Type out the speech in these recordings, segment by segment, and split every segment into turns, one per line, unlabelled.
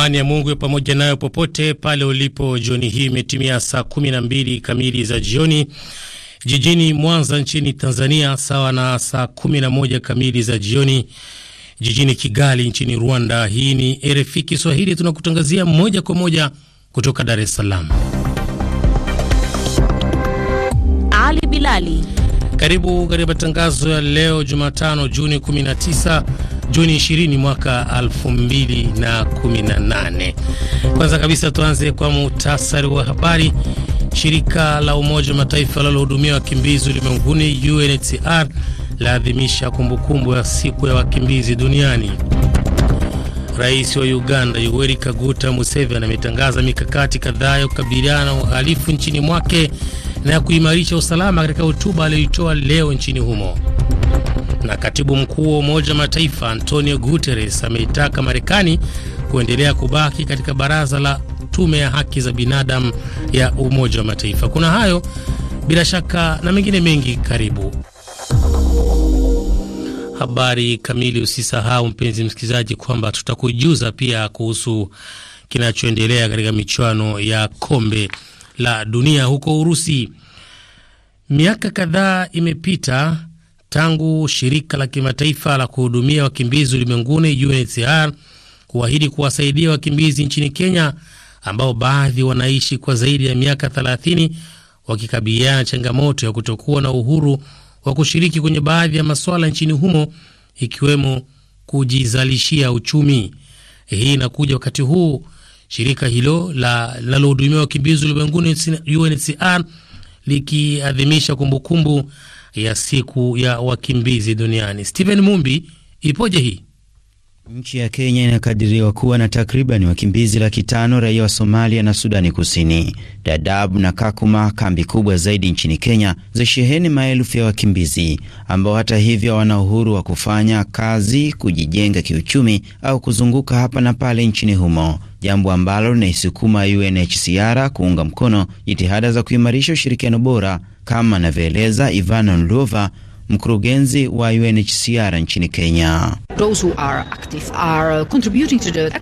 Amani ya Mungu pamoja nayo popote pale ulipo. Jioni hii imetimia saa kumi na mbili kamili za jioni jijini Mwanza nchini Tanzania, sawa na saa kumi na moja kamili za jioni jijini Kigali nchini Rwanda. Hii ni RFI Kiswahili, tunakutangazia moja kwa moja kutoka Dar es Salaam.
Ali Bilali,
karibu katika matangazo ya leo Jumatano Juni 19 Juni 20 mwaka 2018. Kwanza kabisa tuanze kwa muhtasari wa habari. Shirika la Umoja wa Mataifa linalohudumia wakimbizi ulimwenguni UNHCR laadhimisha kumbukumbu ya siku ya wakimbizi duniani. Rais wa Uganda Yoweri Kaguta Museveni ametangaza mikakati kadhaa ya kukabiliana na uhalifu nchini mwake na ya kuimarisha usalama katika hotuba aliyoitoa leo nchini humo na katibu mkuu wa Umoja wa Mataifa Antonio Guterres ameitaka Marekani kuendelea kubaki katika baraza la tume ya haki za binadamu ya Umoja wa Mataifa. Kuna hayo bila shaka na mengine mengi, karibu habari kamili. Usisahau mpenzi msikilizaji, kwamba tutakujuza pia kuhusu kinachoendelea katika michuano ya kombe la dunia huko Urusi. Miaka kadhaa imepita tangu shirika la kimataifa la kuhudumia wakimbizi ulimwenguni UNHCR kuahidi kuwasaidia wakimbizi nchini Kenya ambao baadhi wanaishi kwa zaidi ya miaka 30 wakikabiliana na changamoto ya kutokuwa na uhuru wa kushiriki kwenye baadhi ya masuala nchini humo ikiwemo kujizalishia uchumi. Hii inakuja wakati huu shirika hilo linalohudumia wakimbizi ulimwenguni UNHCR likiadhimisha kumbukumbu ya siku ya wakimbizi duniani. Stephen Mumbi, ipoje hii?
Nchi ya Kenya inakadiriwa kuwa na takriban wakimbizi laki tano raia wa Somalia na Sudani Kusini. Dadaab na Kakuma, kambi kubwa zaidi nchini Kenya, zasheheni maelfu ya wakimbizi ambao hata hivyo hawana uhuru wa kufanya kazi, kujijenga kiuchumi au kuzunguka hapa na pale nchini humo, jambo ambalo linaisukuma UNHCR kuunga mkono jitihada za kuimarisha ushirikiano bora, kama anavyoeleza Ivana Nlova mkurugenzi wa UNHCR nchini Kenya.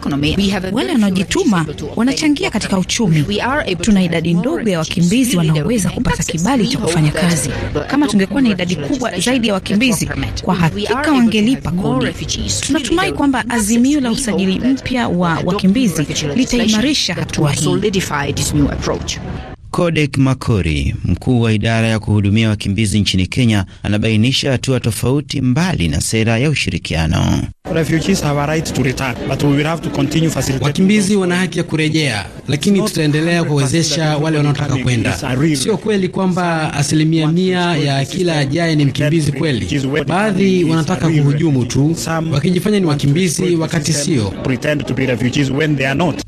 Uh, Wale wanaojituma wanachangia katika uchumi. Tuna idadi ndogo ya wakimbizi wanaoweza kupata kibali cha kufanya kazi. Kama tungekuwa na idadi kubwa zaidi ya wakimbizi, kwa hakika wangelipa kodi. Tunatumai kwamba azimio la usajili mpya wa wakimbizi litaimarisha hatua hii.
Kodek Makori, mkuu wa idara ya kuhudumia wakimbizi nchini Kenya, anabainisha hatua tofauti mbali na sera ya ushirikiano.
Refugees have a right to return, but we will have to continue facilitating. Wakimbizi wana haki ya kurejea, lakini tutaendelea kuwawezesha wale wanaotaka kwenda. Sio kweli kwamba asilimia mia ya kila ajaye ni mkimbizi kweli. Baadhi wanataka kuhujumu tu, wakijifanya ni wakimbizi wakati sio.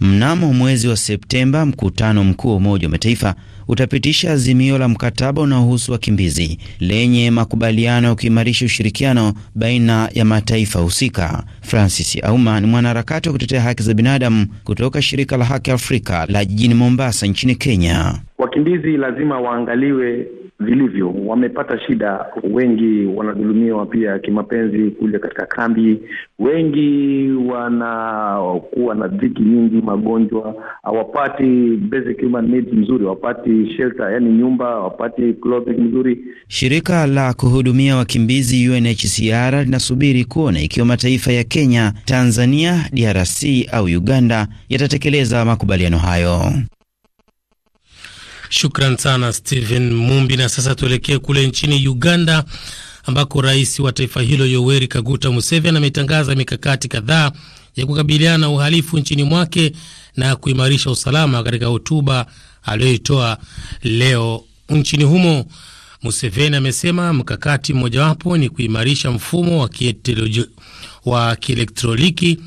Mnamo mwezi wa Septemba, mkutano mkuu wa Umoja wa Mataifa utapitisha azimio la mkataba unaohusu wakimbizi lenye makubaliano ya kuimarisha ushirikiano baina ya mataifa husika. Francis Auma ni mwanaharakati wa kutetea haki za binadamu kutoka shirika la Haki Afrika la jijini Mombasa nchini Kenya.
Wakimbizi lazima
waangaliwe vilivyo, wamepata shida. Wengi wanadhulumiwa pia kimapenzi kule katika kambi, wengi wanakuwa na dhiki nyingi, magonjwa, hawapati basic human needs mzuri, hawapati shelter, yani nyumba, hawapati clothing mzuri.
Shirika la kuhudumia wakimbizi UNHCR linasubiri kuona ikiwa mataifa ya Kenya, Tanzania, DRC au Uganda yatatekeleza makubaliano hayo.
Shukran sana Stephen Mumbi. Na sasa tuelekee kule nchini Uganda ambako rais wa taifa hilo Yoweri Kaguta Museveni ametangaza mikakati kadhaa ya kukabiliana na uhalifu nchini mwake na kuimarisha usalama. Katika hotuba aliyoitoa leo nchini humo, Museveni amesema mkakati mmojawapo ni kuimarisha mfumo wa kielektroniki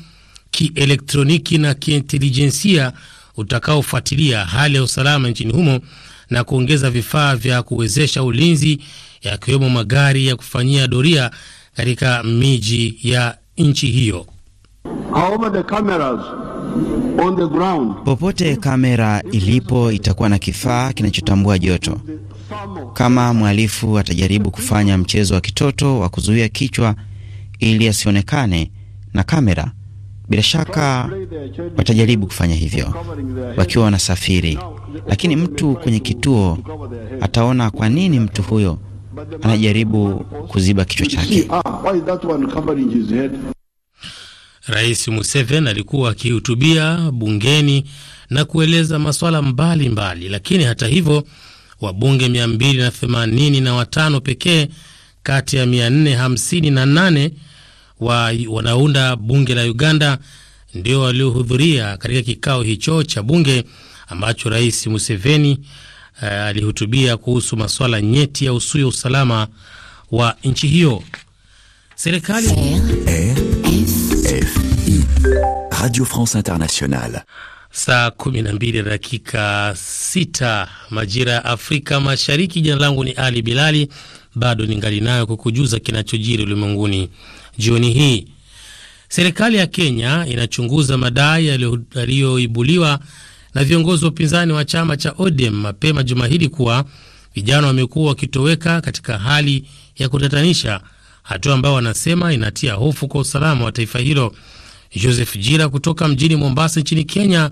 kielektroniki na kiintelijensia utakaofuatilia hali ya usalama nchini humo na kuongeza vifaa vya kuwezesha ulinzi yakiwemo magari ya kufanyia doria katika miji ya nchi hiyo.
Popote kamera ilipo itakuwa na kifaa kinachotambua joto. Kama mhalifu atajaribu kufanya mchezo wa kitoto wa kuzuia kichwa ili asionekane na kamera, bila shaka watajaribu kufanya hivyo wakiwa wanasafiri, lakini mtu kwenye kituo ataona kwa nini mtu huyo anajaribu kuziba kichwa chake.
Rais Museveni alikuwa akihutubia bungeni na kueleza masuala mbalimbali mbali, lakini hata hivyo wabunge 285 pekee kati ya 458 wa wanaounda bunge la Uganda ndio waliohudhuria katika kikao hicho cha bunge ambacho Rais Museveni uh, alihutubia kuhusu masuala nyeti ya usuya usalama wa nchi hiyo.
Serikali Radio France Internationale.
Saa 12 na dakika 6 majira ya Afrika Mashariki. Jina langu ni Ali Bilali, bado ningali nayo kukujuza kinachojiri ulimwenguni jioni hii. Serikali ya Kenya inachunguza madai yaliyoibuliwa na viongozi wa upinzani wa chama cha ODM mapema juma hili kuwa vijana wamekuwa wakitoweka katika hali ya kutatanisha, hatua ambayo wanasema inatia hofu kwa usalama wa taifa hilo. Joseph Jira kutoka mjini Mombasa
nchini Kenya,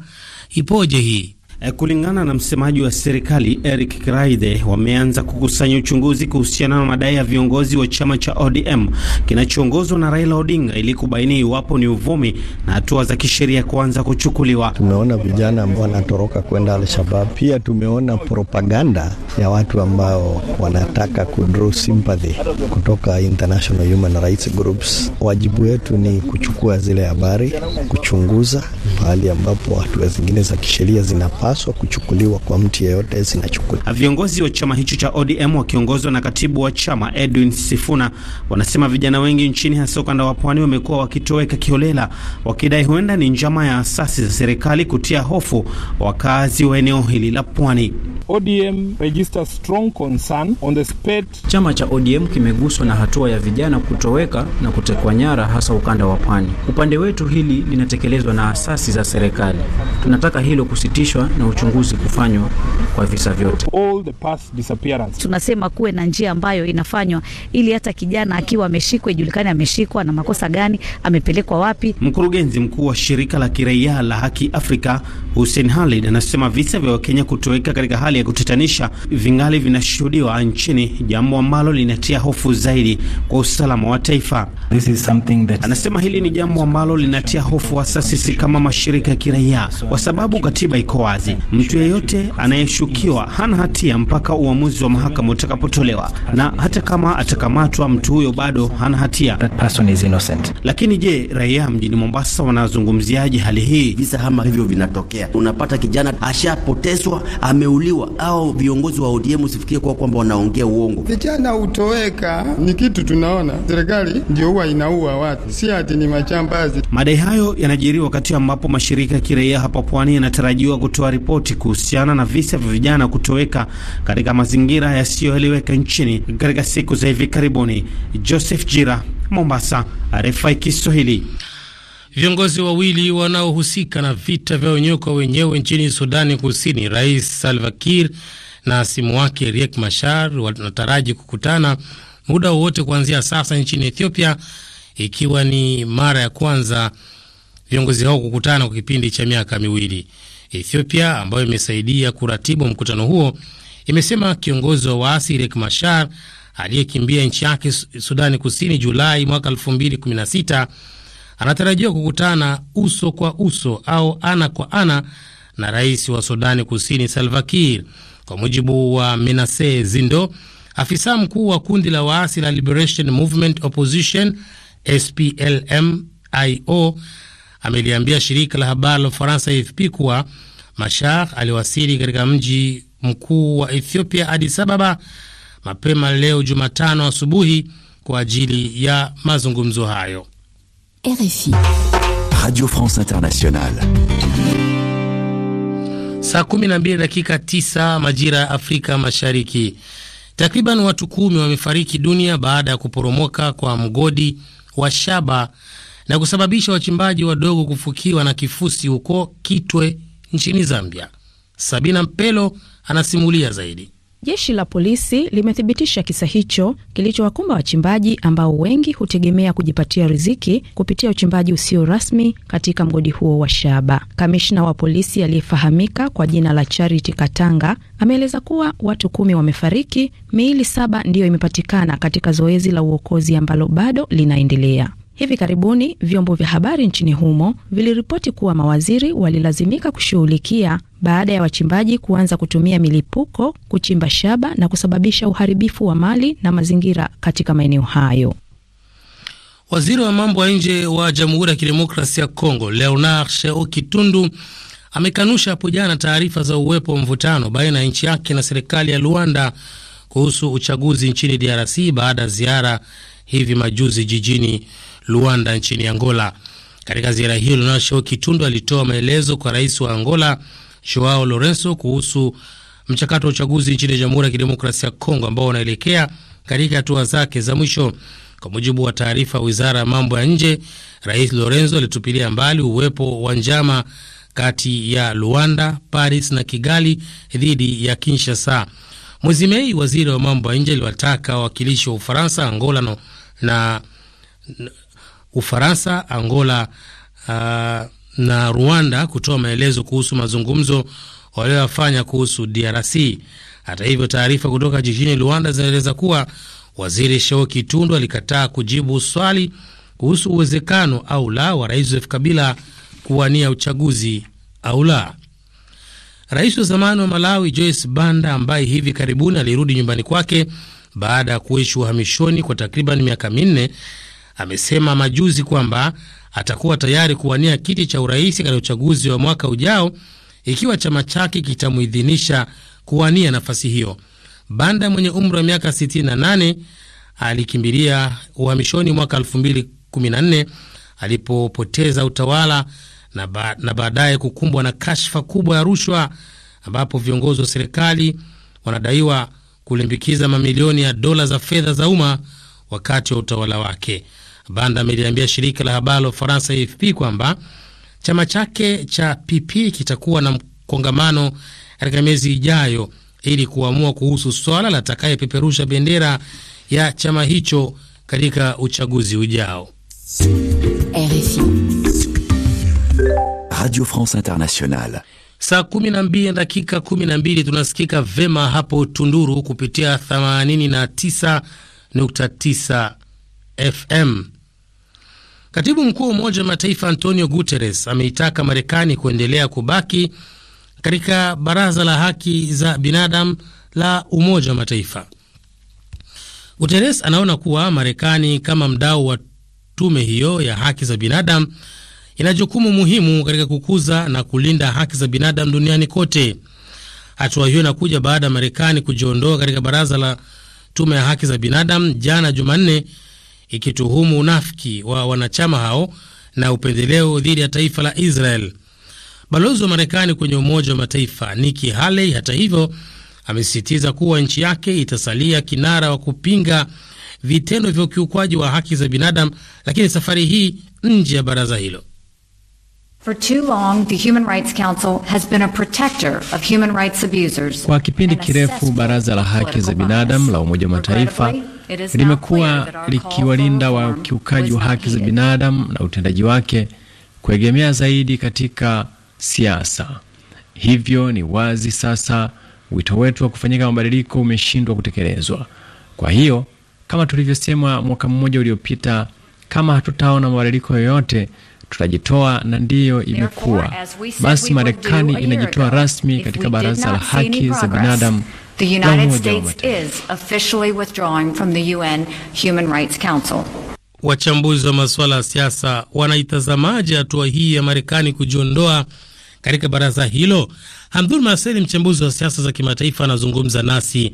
ipoje hii? Eh, kulingana na msemaji wa serikali Eric Kiraithe, wameanza kukusanya uchunguzi kuhusiana na madai ya viongozi wa chama cha ODM kinachoongozwa na Raila Odinga ili kubaini iwapo ni uvumi na hatua za kisheria kuanza kuchukuliwa. Tumeona vijana ambao wanatoroka kwenda Al-Shabab, pia tumeona propaganda ya watu ambao wanataka kudraw sympathy kutoka international human rights groups. Wajibu wetu ni kuchukua zile habari, kuchunguza mahali ambapo hatua zingine za kisheria zinapaa zinapaswa kuchukuliwa kwa mtu yeyote zinachukuliwa. Ah, viongozi wa chama hicho cha ODM wakiongozwa na katibu wa chama Edwin Sifuna wanasema vijana wengi nchini hasa ukanda wa pwani wamekuwa wakitoweka kiholela, wakidai huenda ni njama ya asasi za serikali kutia hofu wakazi wa eneo hili la pwani. ODM register strong concern on the spate. Chama cha ODM kimeguswa na hatua ya vijana kutoweka na kutekwa nyara hasa ukanda wa pwani. Upande wetu hili linatekelezwa na asasi za serikali. Tunataka hilo kusitishwa na uchunguzi kufanywa kwa visa vyote.
Tunasema kuwe na njia ambayo inafanywa ili hata kijana akiwa ameshikwa ijulikane ameshikwa na makosa gani, amepelekwa wapi.
Mkurugenzi mkuu wa shirika la kiraia la Haki Afrika Hussein Khalid anasema visa vya Wakenya kutoweka katika hali ya kutatanisha vingali vinashuhudiwa nchini, jambo ambalo linatia hofu zaidi kwa usalama wa taifa. This is something that... anasema hili ni jambo ambalo linatia hofu hasa sisi kama mashirika ya kiraia, kwa sababu katiba iko wazi wazi. Mtu yeyote anayeshukiwa hana hatia mpaka uamuzi wa mahakama utakapotolewa, na hata kama atakamatwa, mtu huyo bado hana hatia.
That person is innocent.
Lakini je, raia mjini Mombasa wanazungumziaje hali hii? Visa kama hivyo vinatokea, unapata kijana ashapoteswa ameuliwa, au viongozi wa ODM usifikie kuwa kwamba wanaongea uongo. Vijana hutoweka, ni kitu tunaona. Serikali
ndio huwa inaua watu, si ati ni machambazi.
Madai hayo yanajiri wakati ambapo mashirika ya kiraia hapa pwani yanatarajiwa kutoa ripoti kuhusiana na visa vya vijana kutoweka katika mazingira yasiyoeleweka nchini katika siku za hivi karibuni. Joseph Jira, Mombasa, RFI Kiswahili.
Viongozi wawili wanaohusika na vita vya wenyewe kwa wenyewe nchini Sudani Kusini, Rais Salva Kiir na simu wake Riek Machar wanataraji kukutana muda wowote kuanzia sasa nchini Ethiopia, ikiwa ni mara ya kwanza viongozi hao kukutana kwa kipindi cha miaka miwili. Ethiopia ambayo imesaidia kuratibu mkutano huo imesema kiongozi wa waasi Riek Machar aliyekimbia nchi yake Sudani Kusini Julai mwaka 2016 anatarajiwa kukutana uso kwa uso au ana kwa ana na rais wa Sudani Kusini Salva Kiir. Kwa mujibu wa Menase Zindo, afisa mkuu wa kundi la waasi la Liberation Movement Opposition SPLM-IO ameliambia shirika la habari la Ufaransa AFP kuwa mashar aliwasili katika mji mkuu wa Ethiopia, Addis Ababa, mapema leo Jumatano asubuhi kwa ajili ya mazungumzo hayo.
RFI, Radio France Internationale.
Saa 12 dakika 9 majira ya Afrika Mashariki. Takriban watu kumi wamefariki dunia baada ya kuporomoka kwa mgodi wa shaba na kusababisha wachimbaji wadogo kufukiwa na kifusi huko Kitwe nchini Zambia. Sabina Mpelo anasimulia zaidi.
Jeshi la polisi limethibitisha kisa hicho kilichowakumba wachimbaji ambao wengi hutegemea kujipatia riziki kupitia uchimbaji usio rasmi katika mgodi huo wa shaba. Kamishna wa polisi aliyefahamika kwa jina la Charity Katanga ameeleza kuwa watu kumi wamefariki, miili saba ndiyo imepatikana katika zoezi la uokozi ambalo bado linaendelea. Hivi karibuni vyombo vya habari nchini humo viliripoti kuwa mawaziri walilazimika kushughulikia baada ya wachimbaji kuanza kutumia milipuko kuchimba shaba na kusababisha uharibifu wa mali na mazingira katika maeneo hayo.
Waziri wa mambo ya nje wa Jamhuri ya Kidemokrasia ya Kongo, Leonard Sheo Kitundu, amekanusha hapo jana taarifa za uwepo wa mvutano baina ya nchi yake na serikali ya Luanda kuhusu uchaguzi nchini DRC baada ya ziara hivi majuzi jijini Luanda nchini Angola. Katika ziara hiyo, Lunasho Kitundu alitoa maelezo kwa rais wa Angola Joao Lorenzo kuhusu mchakato wa uchaguzi nchini Jamhuri ya Kidemokrasia ya Kongo ambao unaelekea katika hatua zake za mwisho. Kwa mujibu wa taarifa ya wizara ya mambo ya nje, rais Lorenzo alitupilia mbali uwepo wa njama kati ya Luanda, Paris na Kigali dhidi ya Kinshasa. Mwezi Mei, waziri wa mambo ya nje aliwataka wawakilishi wa Ufaransa, Angola na, na Ufaransa, Angola uh, na Rwanda kutoa maelezo kuhusu mazungumzo walioyafanya kuhusu DRC. Hata hivyo, taarifa kutoka jijini Luanda zinaeleza kuwa waziri Shauki Kitundu alikataa kujibu swali kuhusu uwezekano au la wa rais Joseph Kabila kuwania uchaguzi au la. Rais wa zamani wa Malawi Joyce Banda, ambaye hivi karibuni alirudi nyumbani kwake baada ya kuishi uhamishoni kwa takriban miaka minne, amesema majuzi kwamba atakuwa tayari kuwania kiti cha urais katika uchaguzi wa mwaka ujao ikiwa chama chake kitamuidhinisha kuwania nafasi hiyo. Banda mwenye umri wa miaka 68 alikimbilia uhamishoni mwaka 2014 alipopoteza utawala na, ba na baadaye kukumbwa na kashfa kubwa ya rushwa ambapo viongozi wa serikali wanadaiwa kulimbikiza mamilioni ya dola za fedha za umma wakati wa utawala wake. Banda ameliambia shirika la habari la Ufaransa AFP kwamba chama chake cha PP kitakuwa na mkongamano katika miezi ijayo ili kuamua kuhusu swala la atakayepeperusha bendera ya chama hicho katika uchaguzi ujao. RFI
Radio France Internationale.
Saa 12 dakika 12, tunasikika vema hapo Tunduru kupitia 89 107.9 FM. Katibu mkuu wa Umoja wa Mataifa Antonio Guterres ameitaka Marekani kuendelea kubaki katika Baraza la Haki za Binadamu la Umoja wa Mataifa. Guterres anaona kuwa Marekani kama mdau wa tume hiyo ya haki za binadamu ina jukumu muhimu katika kukuza na kulinda haki za binadamu duniani kote. Hatua hiyo inakuja baada ya Marekani kujiondoa katika Baraza la tume ya haki za binadamu jana Jumanne, ikituhumu unafiki wa wanachama hao na upendeleo dhidi ya taifa la Israel. Balozi wa Marekani kwenye Umoja wa Mataifa Nikki Haley, hata hivyo, amesisitiza kuwa nchi yake itasalia kinara wa kupinga vitendo vya ukiukwaji wa haki za binadamu, lakini safari hii nje ya baraza hilo.
For too long, the Human Rights Council has been a protector of human rights abusers. Kwa kipindi kirefu baraza la haki za binadamu la Umoja wa Mataifa limekuwa likiwalinda wakiukaji wa haki za binadamu na utendaji wake kuegemea zaidi katika siasa. Hivyo ni wazi sasa wito wetu wa kufanyika mabadiliko umeshindwa kutekelezwa. Kwa hiyo kama tulivyosema mwaka mmoja uliopita, kama hatutaona mabadiliko yoyote tutajitoa na ndiyo imekuwa. Basi Marekani inajitoa rasmi katika Baraza la Haki za Binadamu la Umoja wa Mataifa.
Wachambuzi wa masuala ya siasa wanaitazamaje hatua hii ya Marekani kujiondoa katika baraza hilo? Hamdul Maseli, mchambuzi wa siasa za kimataifa, anazungumza nasi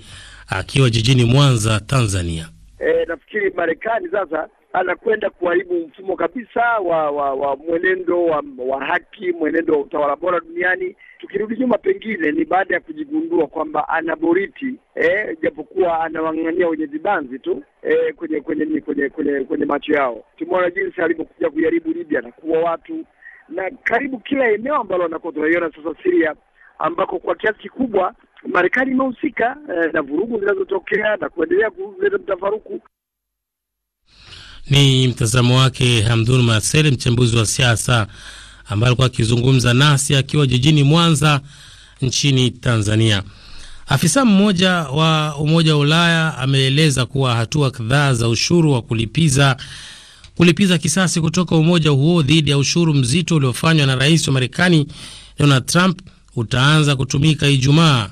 akiwa jijini Mwanza, Tanzania
e, nafikiri Marekani sasa anakwenda kuharibu mfumo kabisa wa wa, wa mwenendo wa, wa haki, mwenendo wa utawala bora duniani. Tukirudi nyuma, pengine ni baada ya kujigundua kwamba boriti eh, japokuwa anawang'ang'ania wenye vibanzi tu eh, kwenye kwenye kwenye kwenye kwenye macho yao. Tumeona jinsi alivyokuja kuharibu Libya na kuua watu na karibu kila eneo ambalo anakuwa tunaiona sasa Syria ambako kwa kiasi kikubwa Marekani imehusika eh, na vurugu zinazotokea na kuendelea kuleta mtafaruku.
Ni mtazamo wake Hamdun Masel, mchambuzi wa siasa ambaye alikuwa akizungumza nasi akiwa jijini Mwanza nchini Tanzania. Afisa mmoja wa Umoja wa Ulaya ameeleza kuwa hatua kadhaa za ushuru wa kulipiza kulipiza kisasi kutoka umoja huo dhidi ya ushuru mzito uliofanywa na rais wa Marekani Donald Trump utaanza kutumika Ijumaa.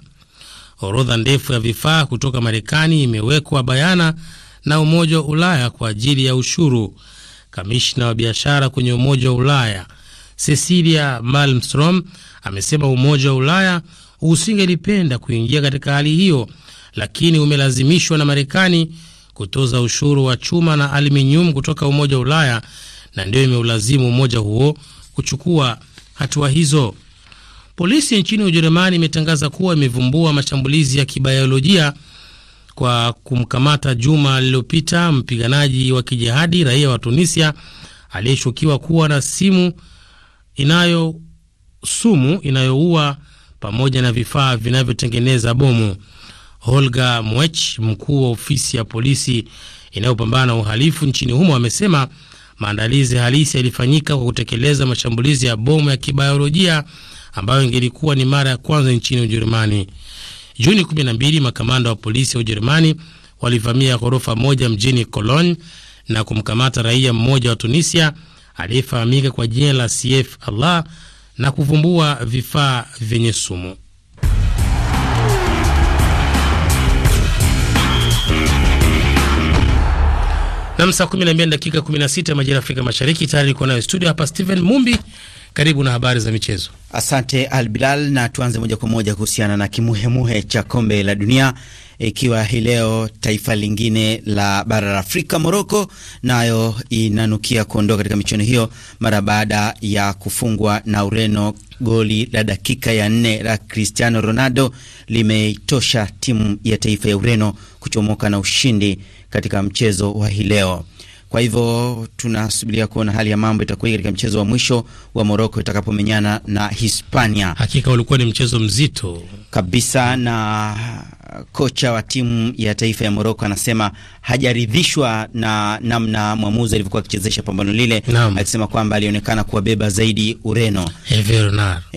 Orodha ndefu ya vifaa kutoka Marekani imewekwa bayana na Umoja wa Ulaya kwa ajili ya ushuru. Kamishna wa biashara kwenye Umoja wa Ulaya Cecilia Malmstrom amesema Umoja wa Ulaya usingelipenda kuingia katika hali hiyo, lakini umelazimishwa na Marekani kutoza ushuru wa chuma na aluminium kutoka Umoja wa Ulaya, na ndiyo imeulazimu umoja huo kuchukua hatua hizo. Polisi nchini Ujerumani imetangaza kuwa imevumbua mashambulizi ya kibayolojia kwa kumkamata juma lililopita mpiganaji wa kijihadi raia wa Tunisia aliyeshukiwa kuwa na simu inayo sumu inayoua pamoja na vifaa vinavyotengeneza bomu. holga Mwech, mkuu wa ofisi ya polisi inayopambana na uhalifu nchini humo, amesema maandalizi halisi yalifanyika kwa kutekeleza mashambulizi ya bomu ya kibayolojia ambayo ingelikuwa ni mara ya kwanza nchini Ujerumani. Juni 12 makamanda wa polisi wa Ujerumani walivamia ghorofa moja mjini Cologne na kumkamata raia mmoja wa Tunisia aliyefahamika kwa jina la CF Allah na kuvumbua vifaa vyenye sumu. Nam, saa 12 dakika 16 majira Afrika Mashariki. Tayari likuwa nayo studio hapa Stephen Mumbi, karibu na habari za michezo.
Asante Al Bilal, na tuanze moja kwa moja kuhusiana na kimuhemuhe cha kombe la dunia, ikiwa hii leo taifa lingine la bara la Afrika, Moroko, nayo inanukia kuondoka katika michuano hiyo mara baada ya kufungwa na Ureno. Goli la dakika ya nne la Cristiano Ronaldo limeitosha timu ya taifa ya Ureno kuchomoka na ushindi katika mchezo wa hii leo. Kwa hivyo tunasubiria kuona hali ya mambo itakuwa katika mchezo wa mwisho wa Moroko itakapomenyana na Hispania. Hakika ulikuwa
ni mchezo mzito
kabisa, na kocha wa timu ya taifa ya Moroko anasema hajaridhishwa na namna mwamuzi alivyokuwa akichezesha pambano lile, akisema kwamba alionekana kuwabeba zaidi Ureno.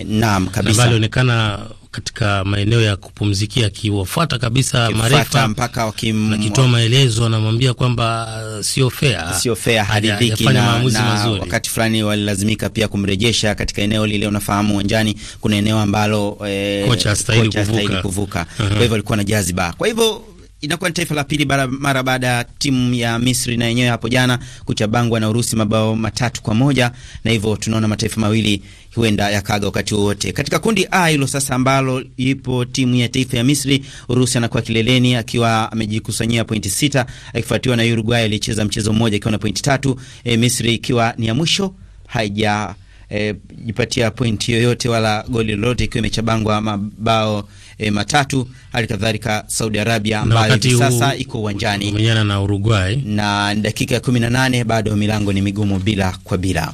Naam, kabisa
alionekana katika maeneo ya kupumzikia, akiwafuata kabisa marefa
mpaka akitoa
maelezo, anamwambia kwamba uh, sio fair, sio fair, haridhiki na maamuzi mazuri.
Wakati fulani walilazimika pia kumrejesha katika eneo lile. Unafahamu uwanjani kuna eneo ambalo eh, kocha astahili kuvuka, kuvuka. Uh -huh. Kwa hivyo alikuwa na jaziba, kwa hivyo inakuwa ni taifa la pili mara baada ya timu ya Misri na yenyewe hapo jana kuchabangwa na Urusi mabao matatu kwa moja na hivyo tunaona mataifa mawili huenda yakaga wakati wowote. Katika kundi A hilo sasa ambalo ipo timu ya taifa ya Misri, Urusi anakuwa kileleni akiwa amejikusanyia pointi sita akifuatiwa na Uruguay alicheza mchezo mmoja akiwa na pointi tatu. E, Misri ikiwa ni ya mwisho haija e, jipatia pointi yoyote wala goli lolote ikiwa imechabangwa mabao e, matatu. Hali kadhalika Saudi Arabia ambayo hivi sasa iko uwanjani na Uruguay na dakika ya nane bado milango ni migumu bila kwa bila.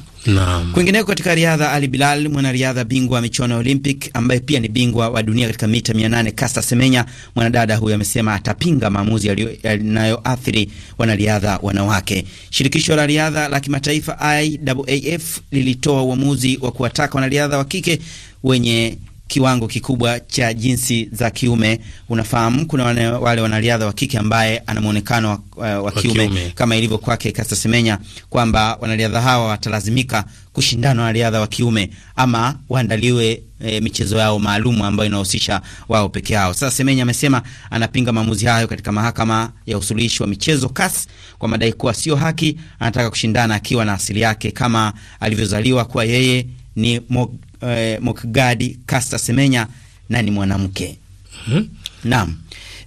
Kwingineko katika riadha, Ali Bilal mwanariadha bingwa wa michuano ya Olympic ambaye pia ni bingwa wa dunia katika mita 800 kasta Semenya, mwanadada huyo amesema atapinga maamuzi yanayoathiri wanariadha wanawake. Shirikisho la riadha la kimataifa IAAF lilitoa uamuzi wa kuwataka wanariadha wa kike wenye kiwango kikubwa cha jinsi za kiume. Unafahamu, kuna wane, wale wanariadha wa kike ambaye ana mwonekano wa, eh, wa kiume, kiume kama ilivyo kwake Caster Semenya, kwamba wanariadha hawa watalazimika kushindana wanariadha wa kiume ama waandaliwe e, michezo yao maalumu ambayo inahusisha wao peke yao. Sasa Semenya amesema anapinga maamuzi hayo katika mahakama ya usuluhishi wa michezo CAS kwa madai kuwa sio haki. Anataka kushindana akiwa na asili yake kama alivyozaliwa kuwa yeye ni eh, Mokgadi Kasta Semenya na ni mwanamke hmm. Naam.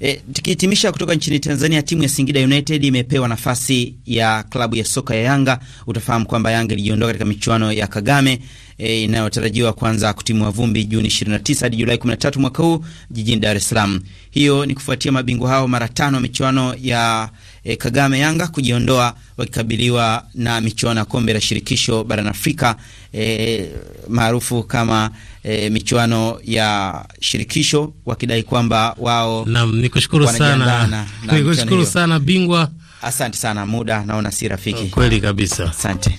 E, tukihitimisha kutoka nchini Tanzania, timu ya Singida United imepewa nafasi ya klabu ya soka ya Yanga. Utafahamu kwamba Yanga ilijiondoa katika michuano ya Kagame e, inayotarajiwa kuanza kutimua vumbi Juni 29 hadi Julai 13 mwaka huu jijini Dar es Salaam. Hiyo ni kufuatia mabingwa hao mara tano wa michuano ya eh, Kagame Yanga kujiondoa wakikabiliwa na michuano ya kombe la shirikisho barani Afrika eh, maarufu kama eh, michuano ya shirikisho wakidai kwamba wao. Naam, nikushukuru sana, nikushukuru sana bingwa. Asante sana, muda naona si rafiki. Oh, kweli kabisa, asante.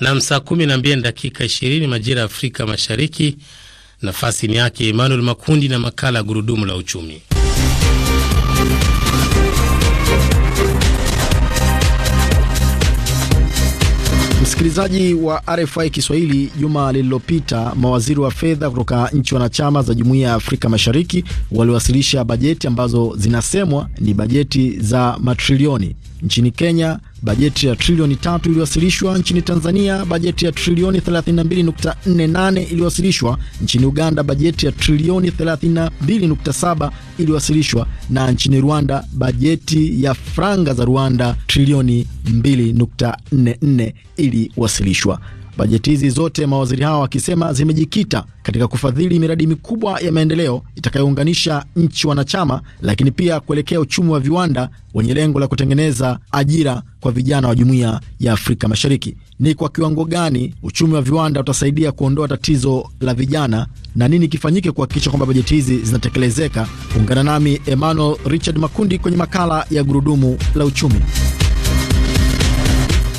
Nam, saa kumi na mbili na dakika ishirini majira ya Afrika Mashariki. Nafasi ni yake Emmanuel Makundi na makala ya gurudumu la uchumi.
Msikilizaji wa RFI Kiswahili, juma lililopita mawaziri wa fedha kutoka nchi wanachama za Jumuiya ya Afrika Mashariki waliwasilisha bajeti ambazo zinasemwa ni bajeti za matrilioni Nchini Kenya bajeti ya trilioni tatu iliwasilishwa. Nchini Tanzania bajeti ya trilioni 32.48 iliwasilishwa. Nchini Uganda bajeti ya trilioni 32.7 iliwasilishwa, na nchini Rwanda bajeti ya franga za Rwanda trilioni 2.44 iliwasilishwa. Bajeti hizi zote mawaziri hao wakisema zimejikita katika kufadhili miradi mikubwa ya maendeleo itakayounganisha nchi wanachama, lakini pia kuelekea uchumi wa viwanda wenye lengo la kutengeneza ajira kwa vijana wa jumuiya ya Afrika Mashariki. Ni kwa kiwango gani uchumi wa viwanda utasaidia kuondoa tatizo la vijana na nini kifanyike kuhakikisha kwamba bajeti hizi zinatekelezeka? Ungana nami Emmanuel Richard Makundi kwenye makala ya Gurudumu la Uchumi.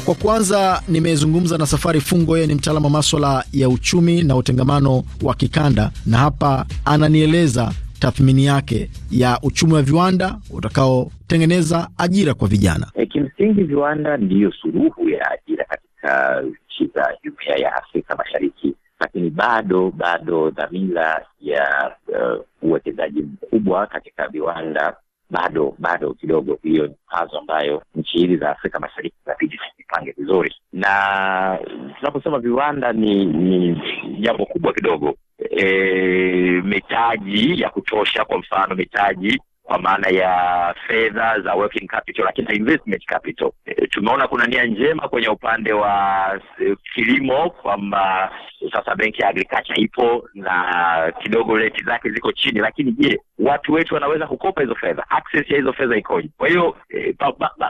Kwa kwanza nimezungumza na Safari Fungo, yeye ni mtaalamu wa maswala ya uchumi na utengamano wa kikanda, na hapa ananieleza tathmini yake ya uchumi wa viwanda utakaotengeneza ajira kwa vijana.
E, kimsingi viwanda ndiyo suluhu ya ajira katika nchi za jumuiya ya Afrika Mashariki, lakini bado bado dhamira ya uh, uwekezaji mkubwa katika viwanda bado bado kidogo. Hiyo ni mkazo ambayo nchi hizi za Afrika Mashariki zinabidi zijipange vizuri, na tunaposema viwanda ni ni jambo kubwa kidogo. E, mitaji ya kutosha, kwa mfano mitaji kwa maana ya fedha za working capital, lakini na investment capital. E, tumeona kuna nia njema kwenye upande wa e, kilimo kwamba sasa benki ya agriculture ipo na kidogo rate zake ziko chini, lakini je, watu wetu wanaweza kukopa hizo fedha? Access ya hizo fedha ikoje? Kwa hiyo e,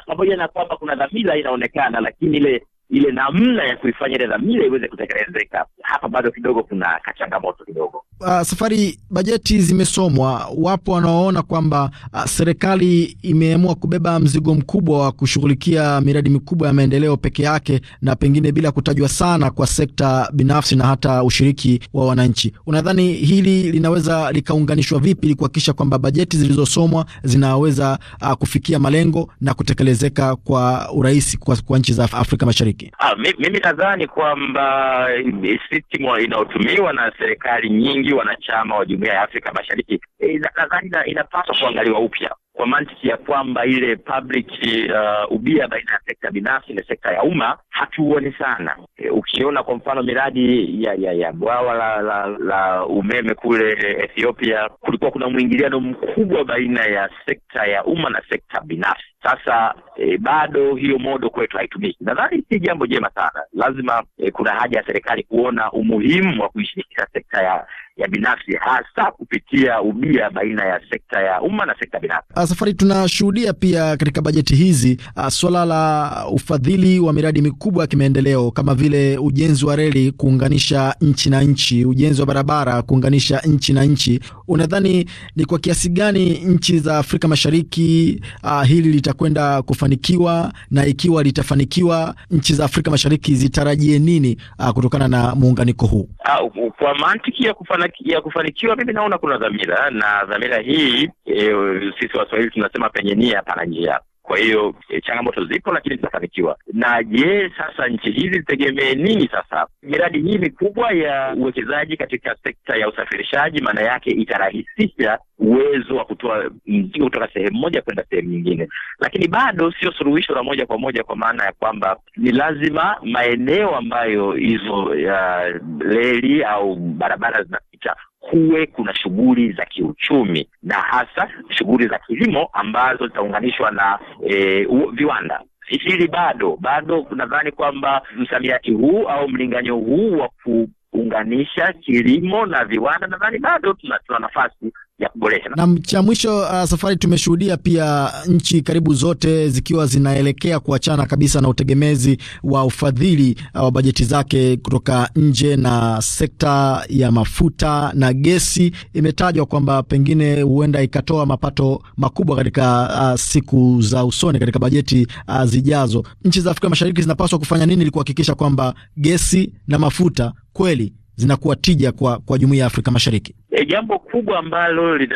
pamoja na kwamba kuna dhamira inaonekana, lakini ile ile namna ya kuifanya ile dhamira iweze kutekelezeka, hapa bado kidogo kuna kachangamoto kidogo.
Uh, safari bajeti zimesomwa, wapo wanaoona kwamba uh, serikali imeamua kubeba mzigo mkubwa wa kushughulikia miradi mikubwa ya maendeleo peke yake na pengine bila kutajwa sana kwa sekta binafsi na hata ushiriki wa wananchi. Unadhani hili linaweza likaunganishwa vipi ili kuhakikisha kwamba bajeti zilizosomwa zinaweza uh, kufikia malengo na kutekelezeka kwa urahisi kwa, kwa nchi za Afrika Mashariki? msingi?
Ah, mimi nadhani kwamba eh, system inayotumiwa na serikali nyingi wanachama wa Jumuiya ya Afrika Mashariki e, nadhani inapaswa kuangaliwa upya kwa mantiki ya kwamba ile public uh, ubia baina ya sekta binafsi na sekta ya umma hatuoni sana. E, ukiona kwa mfano miradi ya ya, ya bwawa la, la, la umeme kule Ethiopia, kulikuwa kuna mwingiliano mkubwa baina ya sekta ya umma na sekta binafsi. Sasa e, bado hiyo modo kwetu haitumiki. Nadhani si jambo jema sana. Lazima e, kuna haja ya serikali kuona umuhimu wa kuishirikisha sekta ya ya binafsi, hasa kupitia ubia baina ya sekta ya umma na sekta binafsi.
Ah, safari tunashuhudia pia katika bajeti hizi ah, swala la ufadhili wa miradi mikubwa ya kimaendeleo kama vile ujenzi wa reli kuunganisha nchi na nchi, ujenzi wa barabara kuunganisha nchi na nchi. Unadhani ni kwa kiasi gani nchi za Afrika Mashariki uh, hili litakwenda kufanikiwa, na ikiwa litafanikiwa, nchi za Afrika Mashariki zitarajie nini uh, kutokana na muunganiko huu
uh, kwa mantiki ya kufana ya kufanikiwa, mimi naona kuna
dhamira na dhamira hii e, sisi Waswahili tunasema penye nia pana njia. Kwa hiyo e, changamoto zipo, lakini zitafanikiwa. Na je, sasa nchi hizi zitegemee nini? Sasa miradi hii mikubwa ya uwekezaji katika sekta ya usafirishaji, maana yake itarahisisha uwezo wa kutoa mzigo kutoka sehemu moja kwenda sehemu nyingine, lakini bado sio suluhisho la moja kwa moja, kwa maana ya kwamba ni lazima maeneo ambayo hizo ya reli au barabara zinapita kuwe kuna shughuli za kiuchumi na hasa shughuli za kilimo ambazo zitaunganishwa na e, u, viwanda. Hili bado bado nadhani kwamba msamiati huu au mlinganyo huu wa kuunganisha kilimo na viwanda, nadhani bado tuna, tuna nafasi ya kuboresha.
Na cha mwisho, uh, safari tumeshuhudia pia nchi karibu zote zikiwa zinaelekea kuachana kabisa na utegemezi wa ufadhili uh, wa bajeti zake kutoka nje, na sekta ya mafuta na gesi imetajwa kwamba pengine huenda ikatoa mapato makubwa katika uh, siku za usoni katika bajeti uh, zijazo. Nchi za Afrika Mashariki zinapaswa kufanya nini ili kuhakikisha kwamba gesi na mafuta kweli zinakuwa tija kwa, kwa jumuiya ya Afrika Mashariki?
E, jambo kubwa
ambalo e,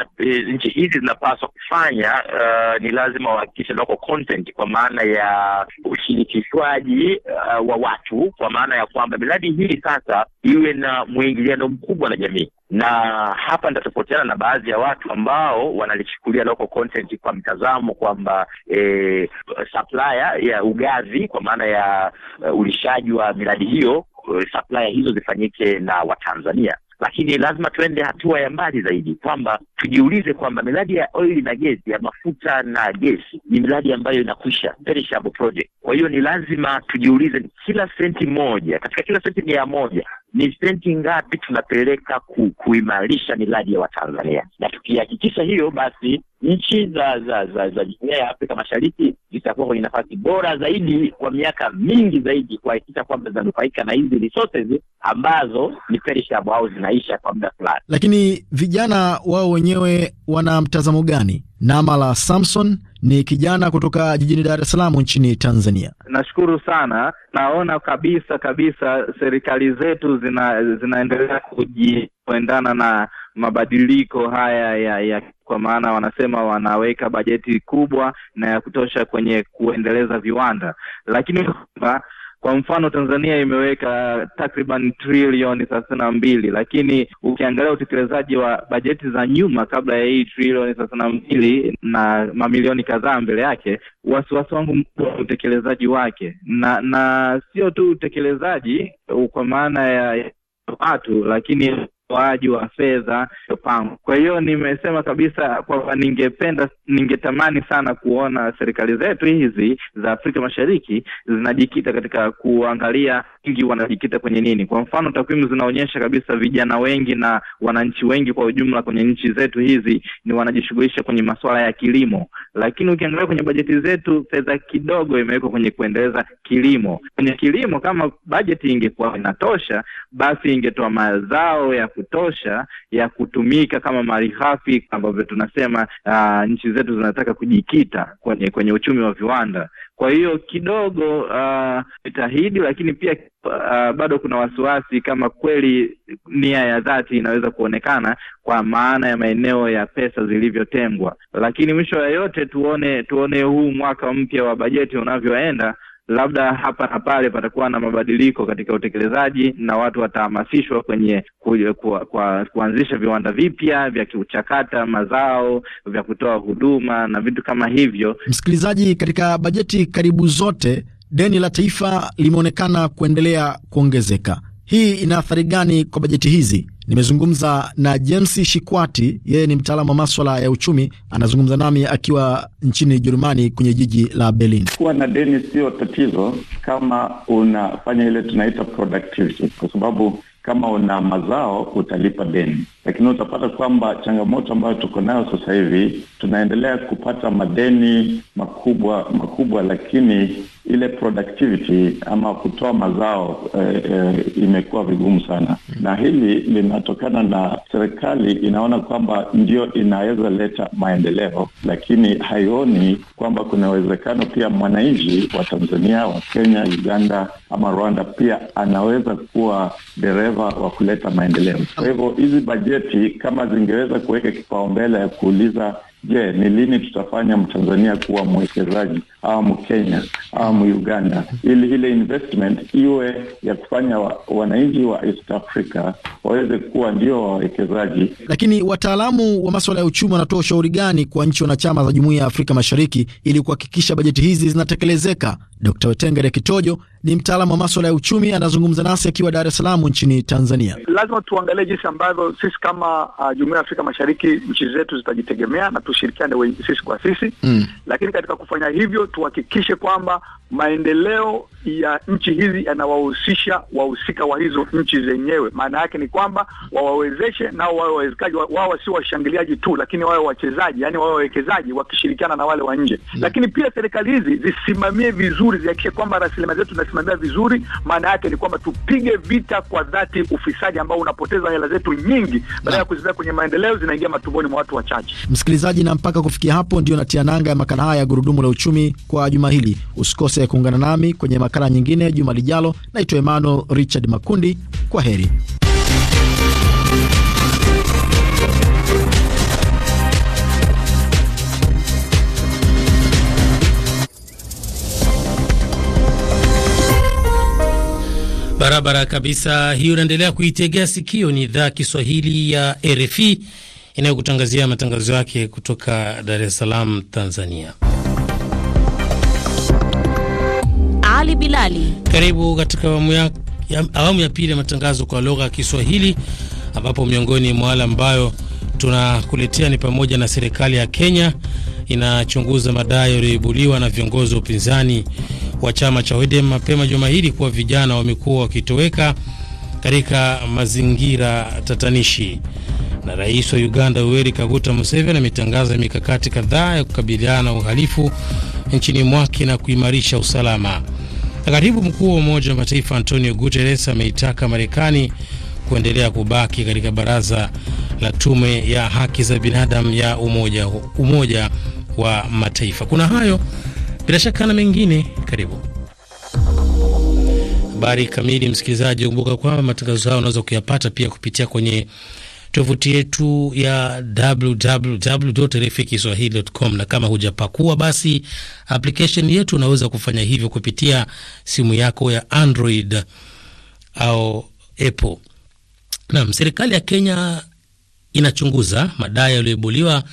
nchi hizi zinapaswa kufanya uh, ni lazima wahakikishe local content kwa maana ya ushirikishwaji uh, wa watu, kwa maana ya kwamba miradi hii sasa iwe na mwingiliano mkubwa na jamii, na hapa nitatofautiana na baadhi ya watu ambao wanalichukulia local content kwa mtazamo kwamba e, supplier ya ugavi kwa maana ya uh, ulishaji wa miradi hiyo Eh, supply hizo zifanyike na Watanzania, lakini lazima tuende hatua ya mbali zaidi, kwamba tujiulize kwamba miradi ya oili na gesi, ya mafuta na gesi ni miradi ambayo inakwisha, perishable project. Kwa hiyo ni lazima tujiulize, kila senti moja, katika kila senti mia moja ni senti ngapi tunapeleka ku, kuimarisha miradi ya Watanzania, na tukihakikisha hiyo basi nchi za za za, za jumuiya ya Afrika Mashariki zitakuwa kwenye nafasi bora zaidi kwa miaka mingi zaidi kuhakikisha kwamba zinanufaika na hizi resources ambazo ni perishable au zinaisha kwa muda fulani.
Lakini vijana wao wenyewe wana mtazamo gani? Nama la Samson ni kijana kutoka jijini Dar es Salaam nchini Tanzania.
Nashukuru sana, naona kabisa kabisa serikali zetu zina, zinaendelea kuendana na mabadiliko haya ya, ya kwa maana wanasema wanaweka bajeti kubwa na ya kutosha kwenye kuendeleza viwanda, lakini kwa mfano, Tanzania imeweka takriban trilioni thelathini na mbili, lakini ukiangalia utekelezaji wa bajeti za nyuma kabla ya hii trilioni thelathini na mbili na mamilioni kadhaa mbele yake, wasiwasi wangu mkubwa wa utekelezaji wake, na na sio tu utekelezaji kwa maana ya watu lakini utoaji wa fedha iliyopangwa. Kwa hiyo nimesema kabisa kwamba ningependa, ningetamani sana kuona serikali zetu hizi za Afrika Mashariki zinajikita katika kuangalia wengi wanajikita kwenye nini. Kwa mfano, takwimu zinaonyesha kabisa vijana wengi na wananchi wengi kwa ujumla kwenye nchi zetu hizi ni wanajishughulisha kwenye masuala ya kilimo, lakini ukiangalia kwenye bajeti zetu fedha kidogo imewekwa kwenye kuendeleza kilimo. Kwenye kilimo, kama bajeti ingekuwa inatosha, basi ingetoa mazao ya kutosha ya kutumika kama malighafi ambavyo tunasema uh, nchi zetu zinataka kujikita kwenye kwenye uchumi wa viwanda. Kwa hiyo kidogo uh, lakini pia uh, bado kuna wasiwasi kama kweli nia ya dhati inaweza kuonekana kwa maana ya maeneo ya pesa zilivyotengwa. Lakini mwisho yayote tuone tuone huu mwaka mpya wa bajeti unavyoenda labda hapa na pale patakuwa na mabadiliko katika utekelezaji na watu watahamasishwa kwenye ku, ku, ku, kuanzisha viwanda vipya vya kuchakata mazao vya kutoa huduma na vitu kama hivyo.
Msikilizaji, katika bajeti karibu zote deni la taifa limeonekana kuendelea kuongezeka hii ina athari gani kwa bajeti hizi? Nimezungumza na James Shikwati, yeye ni mtaalamu wa maswala ya uchumi, anazungumza nami akiwa nchini Ujerumani kwenye jiji la Berlin.
Kuwa na deni siyo tatizo kama unafanya ile tunaita productivity, kwa sababu kama una mazao utalipa deni, lakini utapata kwamba changamoto ambayo tuko nayo sasa hivi, tunaendelea kupata madeni makubwa makubwa, lakini ile productivity ama kutoa mazao e, e, imekuwa vigumu sana, na hili linatokana na serikali inaona kwamba ndio inaweza leta maendeleo, lakini haioni kwamba kuna uwezekano pia mwananchi wa Tanzania, wa Kenya, Uganda ama Rwanda pia anaweza kuwa dereva wa kuleta maendeleo. Kwa hivyo hizi bajeti kama zingeweza kuweka kipaumbele ya kuuliza Je, ni lini tutafanya mtanzania kuwa mwekezaji au mkenya au muuganda ili ile investment iwe ya kufanya wananchi wa East Africa waweze kuwa ndio wawekezaji.
Lakini wataalamu wa maswala ya uchumi wanatoa ushauri gani kwa nchi wanachama za jumuiya ya Afrika Mashariki ili kuhakikisha bajeti hizi zinatekelezeka? Dr. Wetengere Kitojo ni mtaalamu wa maswala ya uchumi, anazungumza nasi akiwa Dar es Salaam nchini Tanzania.
Lazima tuangalie jinsi ambavyo sisi kama uh, jumuiya ya Afrika Mashariki nchi zetu zitajitegemea na tushirikiane sisi kwa sisi mm. Lakini katika kufanya hivyo tuhakikishe kwamba maendeleo ya nchi hizi yanawahusisha wahusika wa hizo nchi zenyewe. Maana yake ni kwamba wawawezeshe nao wawe wawezekaji, wao sio washangiliaji tu, lakini wawe wachezaji, yani wawe wawekezaji wakishirikiana na wale wa nje yeah. Mm. Lakini pia serikali hizi zisimamie vizuri, zihakikishe kwamba rasilimali zetu kusimamia vizuri, maana yake ni kwamba tupige vita kwa dhati ufisadi ambao unapoteza hela zetu nyingi, badala ya kuziweka kwenye maendeleo zinaingia
matumboni mwa watu wachache. Msikilizaji, na mpaka kufikia hapo ndio natia nanga ya makala haya ya gurudumu la uchumi kwa juma hili. Usikose kuungana nami kwenye makala nyingine juma lijalo. Naitwa Emmanuel Richard Makundi, kwa heri.
Barabara kabisa hiyo. Unaendelea kuitegea sikio, ni idhaa Kiswahili ya RFI inayokutangazia matangazo yake kutoka Dar es Salaam, Tanzania.
Ali Bilali,
karibu katika awamu ya, awamu ya pili ya matangazo kwa lugha ya Kiswahili, ambapo miongoni mwa wale ambayo tunakuletea ni pamoja na serikali ya Kenya inachunguza madai yaliyoibuliwa na viongozi wa upinzani wa chama cha ODM mapema juma hili kuwa vijana wamekuwa wakitoweka katika mazingira tatanishi. Na rais wa Uganda Yoweri Kaguta Museveni ametangaza mikakati kadhaa ya kukabiliana na uhalifu nchini mwake na kuimarisha usalama. Na katibu mkuu wa Umoja wa Mataifa Antonio Guterres ameitaka Marekani kuendelea kubaki katika baraza la tume ya haki za binadamu ya Umoja, Umoja wa Mataifa. Kuna hayo bila shaka na mengine, karibu habari kamili. Msikilizaji, kumbuka kwamba matangazo hayo unaweza kuyapata pia kupitia kwenye tovuti yetu ya www.rfikiswahili.com, na kama hujapakua basi application yetu unaweza kufanya hivyo kupitia simu yako ya Android au Apple. Naam, serikali ya Kenya inachunguza madai yaliyoibuliwa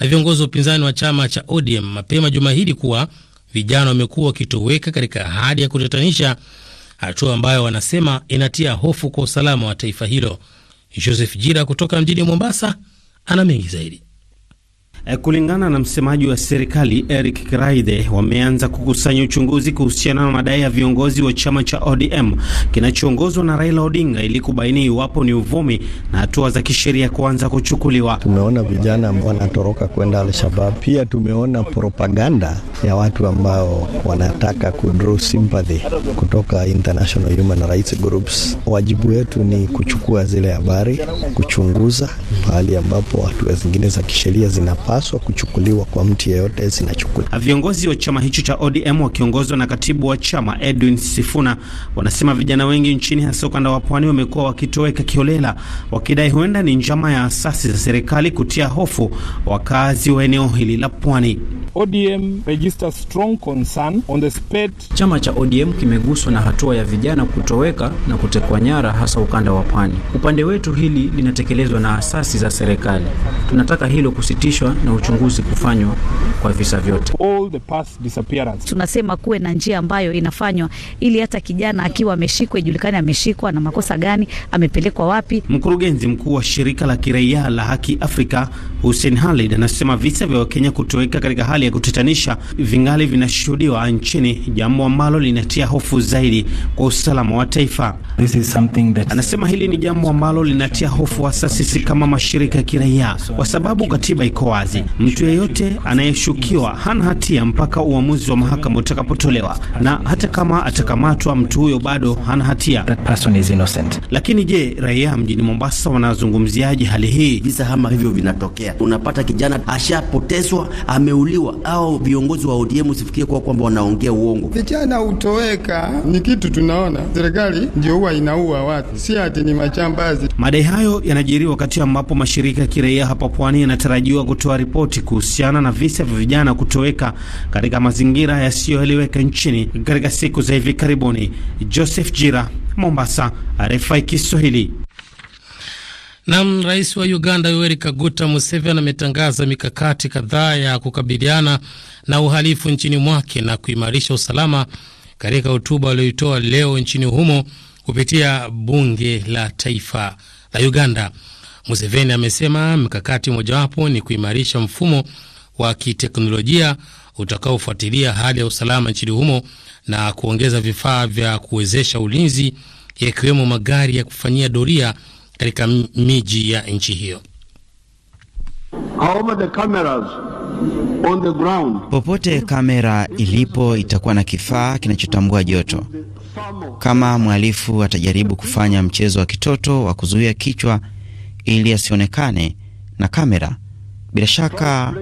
na viongozi wa upinzani wa chama cha ODM mapema juma hili kuwa vijana wamekuwa wakitoweka katika hadi ya kutatanisha, hatua ambayo wanasema inatia hofu kwa usalama wa taifa hilo. Joseph Jira kutoka mjini Mombasa ana mengi zaidi.
Eh, kulingana na msemaji wa serikali Eric Kiraithe, wameanza kukusanya uchunguzi kuhusiana na madai ya viongozi wa chama cha ODM kinachoongozwa na Raila Odinga ili kubaini iwapo ni uvumi na hatua za kisheria kuanza kuchukuliwa. Tumeona vijana ambao wanatoroka kwenda Al-Shabab, pia tumeona propaganda ya watu ambao wanataka kudraw sympathy kutoka international human rights groups. Wajibu wetu ni kuchukua zile habari, kuchunguza mahali ambapo hatua zingine za kisheria zina zinapaswa kuchukuliwa kwa mtu yeyote zinachukuliwa. Viongozi wa chama hicho cha ODM wakiongozwa na katibu wa chama Edwin Sifuna wanasema vijana wengi nchini hasa ukanda wa pwani wamekuwa wakitoweka kiholela, wakidai huenda ni njama ya asasi za serikali kutia hofu wakazi wa eneo hili la pwani. ODM register strong concern on the state. Chama cha ODM kimeguswa na hatua ya vijana kutoweka na kutekwa nyara hasa ukanda wa pwani. Upande wetu hili linatekelezwa na asasi za serikali. Tunataka hilo kusitishwa na uchunguzi kufanywa kwa visa vyote.
Tunasema kuwe na njia ambayo inafanywa ili hata kijana akiwa ameshikwa ijulikane ameshikwa na makosa gani, amepelekwa wapi.
Mkurugenzi mkuu wa shirika la kiraia la Haki Afrika Hussein Khalid anasema visa vya Wakenya kutoweka katika hali ya kutatanisha vingali vinashuhudiwa nchini, jambo ambalo linatia hofu zaidi kwa usalama wa taifa. This is something that... anasema hili ni jambo ambalo linatia hofu hasa sisi kama mashirika ya kiraia, kwa sababu katiba iko wazi, mtu yeyote anayeshukiwa hana hatia mpaka uamuzi wa mahakama utakapotolewa, na hata kama atakamatwa, mtu huyo bado hana hatia. That person is innocent. Lakini je, raia mjini Mombasa wanazungumziaje hali hii? Visa kama hivyo vinatokea inaendelea. Unapata kijana ashapotezwa, ameuliwa, au viongozi wa ODM usifikie kwa kwamba wanaongea uongo. Vijana hutoweka, ni kitu tunaona. Serikali ndio huwa inaua
watu, si ati ni machambazi.
Madai hayo yanajiri wakati ambapo mashirika ya kiraia hapa pwani yanatarajiwa kutoa ripoti kuhusiana na visa vya vijana kutoweka katika mazingira yasiyoeleweka nchini katika siku za hivi karibuni. Joseph Jira, Mombasa, RFI Kiswahili.
Nam, rais wa Uganda Yoweri Kaguta Museveni ametangaza mikakati kadhaa ya kukabiliana na uhalifu nchini mwake na kuimarisha usalama katika hotuba aliyoitoa leo nchini humo kupitia bunge la taifa la Uganda. Museveni amesema mikakati mojawapo ni kuimarisha mfumo wa kiteknolojia utakaofuatilia hali ya usalama nchini humo na kuongeza vifaa vya kuwezesha ulinzi yakiwemo magari ya kufanyia doria katika miji ya nchi hiyo.
Popote kamera ilipo itakuwa na kifaa kinachotambua joto. Kama mhalifu atajaribu kufanya mchezo wa kitoto wa kuzuia kichwa ili asionekane na kamera, bila shaka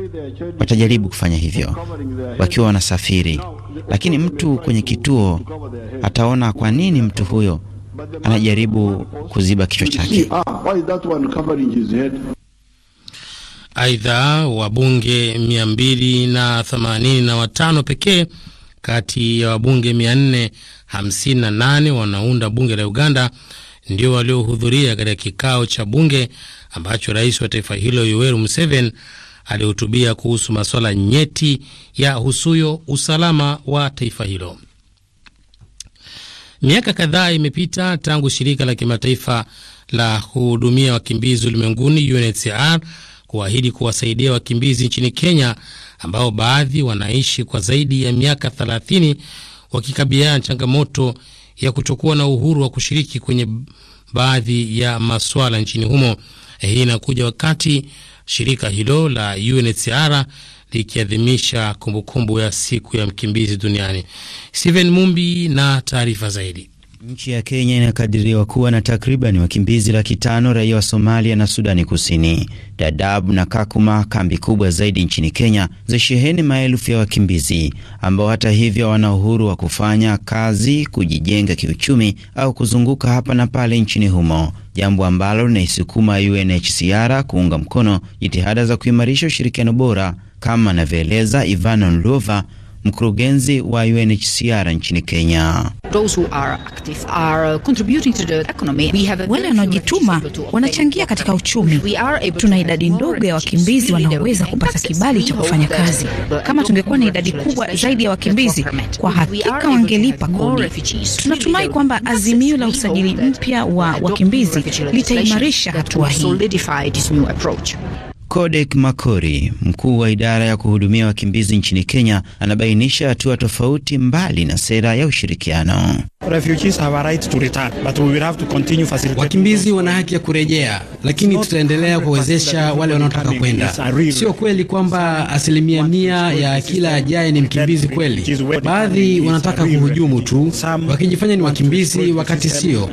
watajaribu kufanya hivyo wakiwa wanasafiri, lakini mtu kwenye kituo ataona kwa nini mtu huyo anajaribu kuziba kichwa chake.
Ah,
Aidha, wabunge mia mbili na na watano pekee kati ya wabunge mia nne hamsini na nane wanaunda bunge la Uganda ndio waliohudhuria katika kikao cha bunge ambacho rais wa taifa hilo Yoweri Museveni alihutubia kuhusu masuala nyeti ya husuyo usalama wa taifa hilo. Miaka kadhaa imepita tangu shirika la kimataifa la kuhudumia wakimbizi ulimwenguni UNHCR kuahidi kuwasaidia wakimbizi nchini Kenya ambao baadhi wanaishi kwa zaidi ya miaka 30 wakikabiliana na changamoto ya kutokuwa na uhuru wa kushiriki kwenye baadhi ya maswala nchini humo. Hii inakuja wakati shirika hilo la UNHCR likiadhimisha kumbukumbu ya siku ya mkimbizi duniani. Steven Mumbi na taarifa zaidi.
Nchi ya Kenya inakadiriwa kuwa na takriban wakimbizi laki tano raia wa Somalia na Sudani Kusini. dadab na Kakuma, kambi kubwa zaidi nchini Kenya, zisheheni maelfu ya wakimbizi ambao hata hivyo wana uhuru wa kufanya kazi, kujijenga kiuchumi au kuzunguka hapa na pale nchini humo, jambo ambalo linaisukuma UNHCR kuunga mkono jitihada za kuimarisha ushirikiano bora kama anavyoeleza Ivana Nluva, mkurugenzi wa UNHCR nchini Kenya.
Uh, Wale wanaojituma wanachangia katika uchumi. Tuna idadi ndogo ya wakimbizi wanaoweza kupata kibali cha kufanya kazi. Kama tungekuwa na idadi kubwa zaidi ya wakimbizi, kwa hakika wangelipa kodi. Tunatumai kwamba azimio la usajili mpya wa wakimbizi litaimarisha hatua hii.
Kodek Makori, mkuu wa idara ya kuhudumia wakimbizi nchini Kenya, anabainisha hatua tofauti mbali na sera ya ushirikiano.
Wakimbizi wana haki ya kurejea, lakini tutaendelea kuwawezesha wale wanaotaka kwenda. Sio kweli kwamba asilimia mia ya kila ajaye ni mkimbizi kweli. Baadhi wanataka kuhujumu tu, wakijifanya ni wakimbizi wakati sio.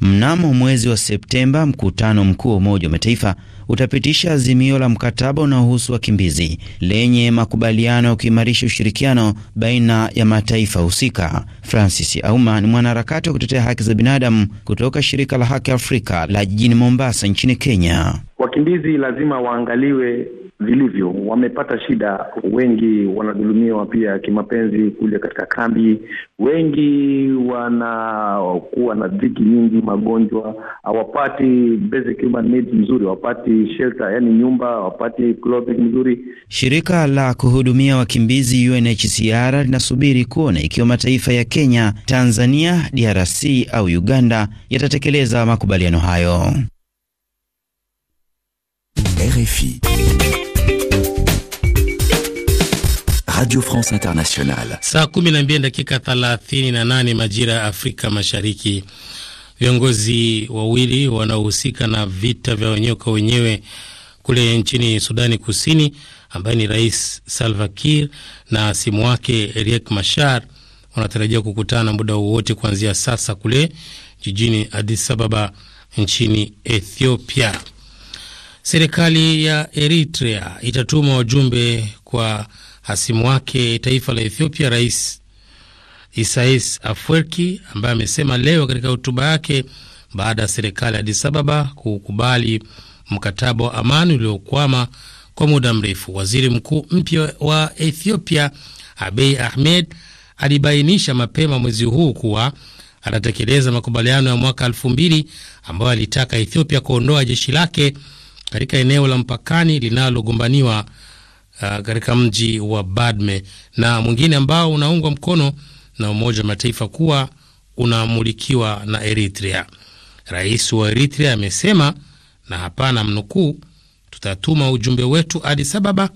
Mnamo mwezi wa Septemba, mkutano mkuu wa Umoja wa Mataifa utapitisha azimio la mkataba unaohusu wakimbizi lenye makubaliano ya kuimarisha ushirikiano baina ya mataifa husika. Francis Auma ni mwanaharakati wa kutetea haki za binadamu kutoka shirika la Haki Afrika la jijini Mombasa nchini Kenya.
Wakimbizi lazima waangaliwe vilivyo. Wamepata shida, wengi wanadhulumiwa pia kimapenzi kule katika kambi, wengi wanakuwa na dhiki nyingi, magonjwa, hawapati basic human needs mzuri, hawapati shelter, yani nyumba, hawapati clothing mzuri.
Shirika la kuhudumia wakimbizi UNHCR linasubiri kuona ikiwa mataifa ya Kenya, Tanzania, DRC au Uganda yatatekeleza makubaliano hayo. RFI Radio
France Internationale.
Saa 12 dakika 38 majira ya Afrika Mashariki. Viongozi wawili wanaohusika na vita vya wenyewe kwa wenyewe kule nchini Sudani Kusini, ambaye ni Rais Salva Kiir na simu wake Riek Machar wanatarajia kukutana muda wowote kuanzia sasa kule jijini Addis Ababa nchini Ethiopia. Serikali ya Eritrea itatuma wajumbe kwa hasimu wake taifa la Ethiopia, Rais Isais Afwerki, ambaye amesema leo katika hotuba yake baada ya serikali ya Addis Ababa kukubali mkataba wa amani uliokwama kwa muda mrefu. Waziri mkuu mpya wa Ethiopia Abiy Ahmed alibainisha mapema mwezi huu kuwa anatekeleza makubaliano ya mwaka elfu mbili ambayo alitaka Ethiopia kuondoa jeshi lake katika eneo la mpakani linalogombaniwa Uh, katika uh, mji wa Badme na mwingine ambao unaungwa mkono na Umoja wa Mataifa kuwa unamulikiwa na Eritrea. Rais wa Eritrea amesema na hapana mnukuu, tutatuma ujumbe wetu Addis Ababa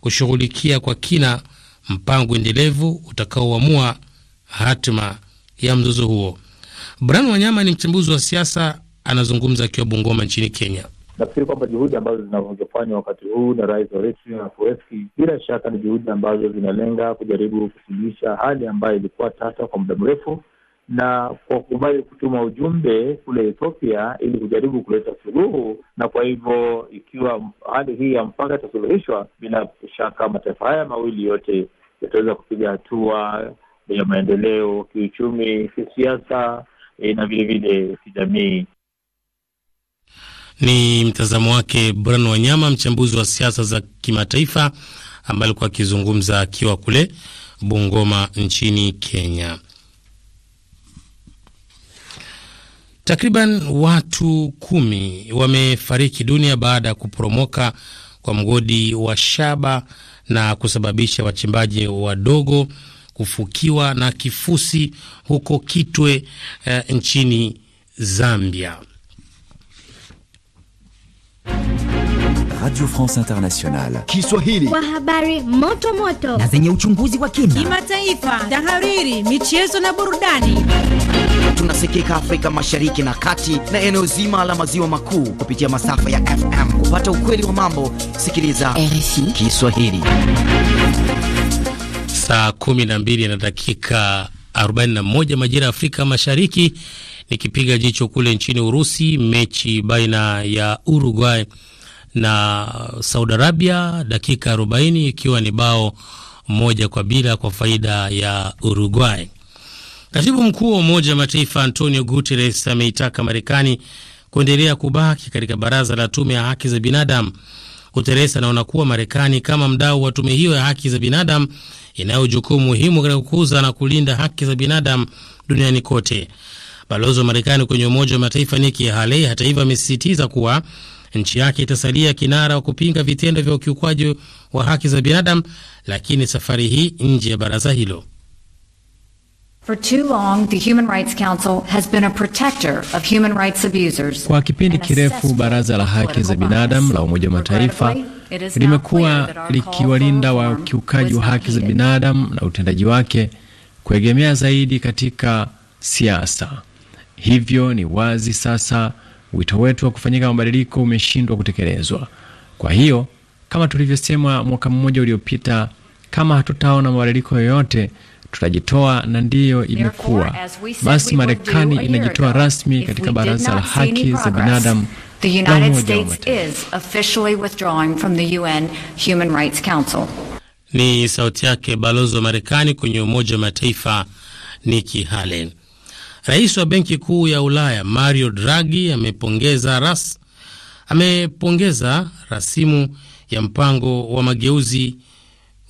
kushughulikia kwa kina mpango endelevu utakaoamua hatima ya mzozo huo. Brian Wanyama ni mchambuzi wa siasa, anazungumza akiwa Bungoma nchini Kenya.
Nafikiri kwamba juhudi ambazo zinazofanywa wakati huu na rais wa Misri bila shaka ni juhudi ambazo zinalenga kujaribu kusuluhisha hali ambayo ilikuwa tata kwa muda mrefu, na kwa kubali kutuma ujumbe kule Ethiopia ili kujaribu kuleta suluhu. Na kwa hivyo ikiwa hali hii ya mpaka itasuluhishwa, bila shaka mataifa haya mawili yote yataweza kupiga hatua ya maendeleo kiuchumi, kisiasa
eh, na vilevile kijamii.
Ni mtazamo wake bran Wanyama, mchambuzi wa siasa za kimataifa, ambaye alikuwa akizungumza akiwa kule Bungoma nchini Kenya. Takriban watu kumi wamefariki dunia baada ya kuporomoka kwa mgodi wa shaba na kusababisha wachimbaji wadogo kufukiwa na kifusi huko Kitwe, eh,
nchini Zambia. Radio France Internationale. Kiswahili.
Kwa
habari moto moto na
zenye
uchunguzi wa kina,
kimataifa, tahariri, michezo na burudani. Tunasikika
Afrika Mashariki na Kati na eneo zima la maziwa makuu kupitia masafa ya FM. Kupata ukweli wa mambo, sikiliza RFI Kiswahili.
Saa 12 na dakika 41 majira ya Afrika Mashariki. Nikipiga jicho kule nchini Urusi, mechi baina ya Uruguay na Saudi Arabia, dakika 40 ikiwa ni bao moja kwa bila kwa faida ya Uruguay. Katibu mkuu wa Umoja wa Mataifa Antonio Guterres ameitaka Marekani kuendelea kubaki katika baraza la tume ya haki za binadamu. Guterres anaona kuwa Marekani kama mdau wa tume hiyo ya haki za binadamu inayo jukumu muhimu katika kukuza na kulinda haki za binadamu duniani kote. Balozi wa Marekani kwenye Umoja wa Mataifa Nikki Haley hata hivyo amesisitiza kuwa nchi yake itasalia kinara wa kupinga vitendo vya ukiukwaji wa haki za binadamu, lakini safari hii
nje ya baraza hilo. Kwa kipindi kirefu baraza la haki za binadamu la Umoja wa Mataifa limekuwa likiwalinda wakiukaji wa haki za binadamu na utendaji wake kuegemea zaidi katika siasa. Hivyo ni wazi sasa wito wetu wa kufanyika mabadiliko umeshindwa kutekelezwa. Kwa hiyo kama tulivyosema mwaka mmoja uliopita, kama hatutaona mabadiliko yoyote tutajitoa, na ndiyo imekuwa. Basi Marekani inajitoa rasmi katika Baraza la Haki za Binadamu la Ni sauti
yake balozi wa Marekani kwenye Umoja wa Mataifa Nikki Haley. Rais wa Benki Kuu ya Ulaya Mario Draghi amepongeza ras, amepongeza rasimu ya mpango wa mageuzi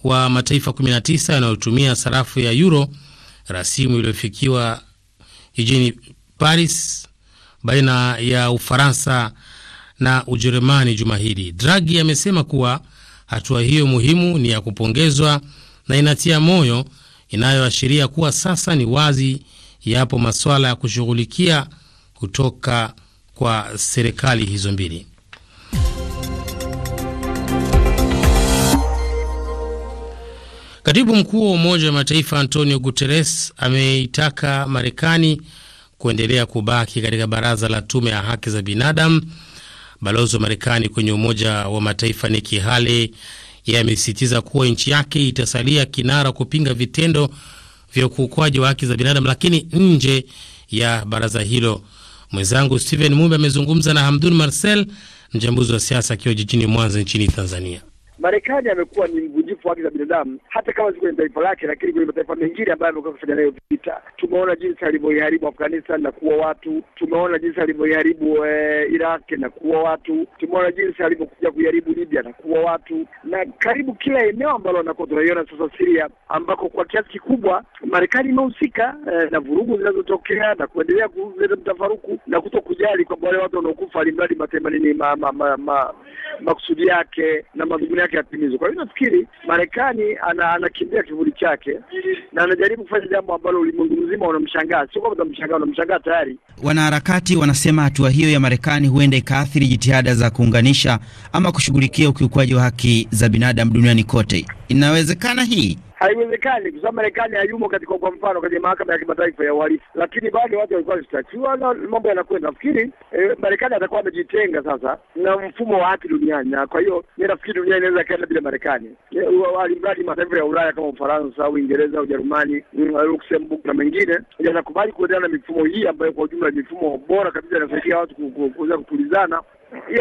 wa mataifa 19 yanayotumia sarafu ya euro, rasimu iliyofikiwa jijini Paris baina ya Ufaransa na Ujerumani juma hili. Draghi amesema kuwa hatua hiyo muhimu ni ya kupongezwa na inatia moyo, inayoashiria kuwa sasa ni wazi yapo masuala ya kushughulikia kutoka kwa serikali hizo mbili. Katibu mkuu wa Umoja wa Mataifa Antonio Guterres ameitaka Marekani kuendelea kubaki katika baraza la tume ya haki za binadamu. Balozi wa Marekani kwenye Umoja wa Mataifa Nikki Haley yeye amesisitiza kuwa nchi yake itasalia kinara kupinga vitendo vya ukiukwaji wa haki za binadamu, lakini nje ya baraza hilo. Mwenzangu Steven Mumbe amezungumza na Hamdun Marcel, mchambuzi wa siasa, akiwa jijini Mwanza nchini Tanzania.
Marekani amekuwa ni mvunjifu wa haki za binadamu, hata kama si kwenye taifa lake, lakini kwenye mataifa mengine ambayo amekuwa akifanya nayo vita. Tumeona jinsi alivyoiharibu Afghanistan na kuua watu, tumeona jinsi alivyoiharibu e, Iraq na kuua watu, tumeona jinsi alivyokuja kuiharibu Libya na kuua watu, na karibu kila eneo ambalo anakuwa tunaiona sasa Syria, ambako kwa kiasi kikubwa Marekani imehusika e, na vurugu zinazotokea na kuendelea kuleta mtafaruku na kuto kujali kwamba wale watu wanaokufa alimradi matemanini ma, ma, ma, ma, makusudi yake na madhumuni yake yatimizwe. Kwa hiyo nafikiri Marekani anakimbia ana kivuli chake na anajaribu kufanya jambo ambalo ulimwengu mzima unamshangaa, sio kwamba unamshangaa, unamshangaa tayari.
Wanaharakati wanasema hatua hiyo ya Marekani huenda ikaathiri jitihada za kuunganisha ama kushughulikia ukiukwaji wa haki za binadamu duniani kote. Inawezekana hii
Haiwezekani, kwa sababu Marekani hayumo katika, kwa mfano, kwenye mahakama ya kimataifa ya uhalifu, lakini bado watu walikuwa wanashtakiwa na mambo yanakwenda. Nafikiri eh, Marekani atakuwa amejitenga sasa na mfumo wa haki duniani, na kwa hiyo mi nafikiri dunia inaweza kaenda bila Marekani, eh, alimradi mataifa ya Ulaya kama Ufaransa, Uingereza, Ujerumani, mm, Luxembourg na mengine yanakubali kuendelea na mifumo hii ambayo kwa ujumla ni mifumo bora kabisa, inasaidia watu kuweza kutulizana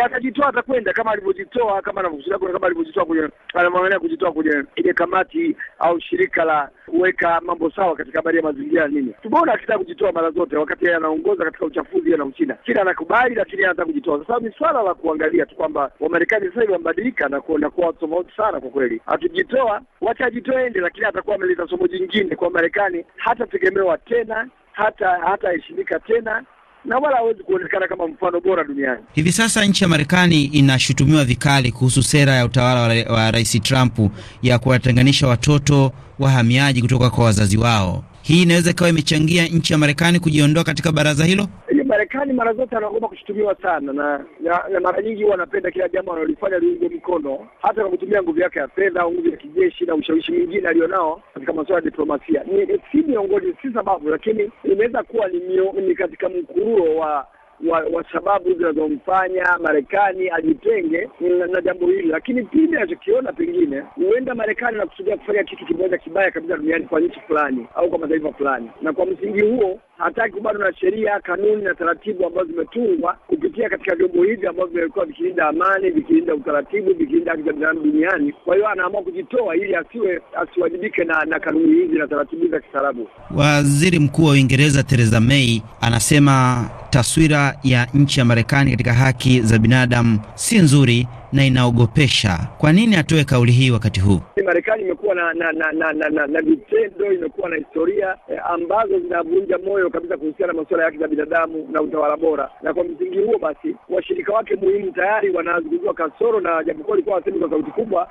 atajitoa atakwenda kama alivyojitoa kama anavyokusudia kama alivyojitoa kwenye anamwangalia kujitoa kwenye ile kamati au shirika la kuweka mambo sawa katika habari ya mazingira nini. Tumeona akitaka kujitoa mara zote, wakati yeye anaongoza katika uchafuzi na Uchina, China anakubali, lakini anataka kujitoa. Sasa ni swala la kuangalia tu kwamba Wamarekani sasa hivi wamebadilika na kuwa tofauti sana kwa kweli. Akijitoa wacha ajitoe ende, lakini atakuwa ameleta somo jingine kwa Marekani, hatategemewa tena, hata hataheshimika tena na wala hawezi kuonekana kama mfano bora duniani.
Hivi sasa nchi ya Marekani inashutumiwa vikali kuhusu sera ya utawala wa Rais Trump ya kuwatenganisha watoto wahamiaji kutoka kwa wazazi wao. Hii inaweza ikawa imechangia nchi ya Marekani kujiondoa katika baraza
hilo.
Marekani mara zote anaogopa kushutumiwa sana na, na, na mara nyingi huwa anapenda kila jambo analolifanya liunge mkono hata kwa kutumia nguvu yake ya fedha au nguvu ya kijeshi na ushawishi mwingine alionao katika masuala ya diplomasia. Ni, si miongoni si sababu, lakini inaweza kuwa ni, mio, ni katika mkururo wa wa, wa sababu zinazomfanya Marekani ajitenge na, na jambo hili, lakini pili anachokiona pengine, huenda Marekani anakusudia kufanya kitu kimoja kibaya kabisa duniani kwa nchi fulani au kwa mataifa fulani, na kwa msingi huo hataki kubana na sheria, kanuni na taratibu ambazo zimetungwa kupitia katika vyombo hivi ambavyo vimekuwa vikilinda amani, vikilinda utaratibu, vikilinda haki za binadamu duniani. Kwa hiyo anaamua kujitoa ili asiwe asiwajibike na, na kanuni hizi na taratibu za kistaarabu.
Waziri Mkuu wa Uingereza Theresa May anasema taswira ya nchi ya Marekani katika haki za binadamu si nzuri na inaogopesha. Kwa nini atoe kauli hii wakati huu?
Marekani imekuwa na na na na, na, na, na vitendo, imekuwa na historia eh, ambazo zinavunja moyo kabisa kuhusiana na masuala ya haki za binadamu na utawala bora, na kwa msingi huo basi washirika wake muhimu tayari wanazungumziwa
kasoro, na japokuwa walikuwa wasemi kwa sauti kubwa.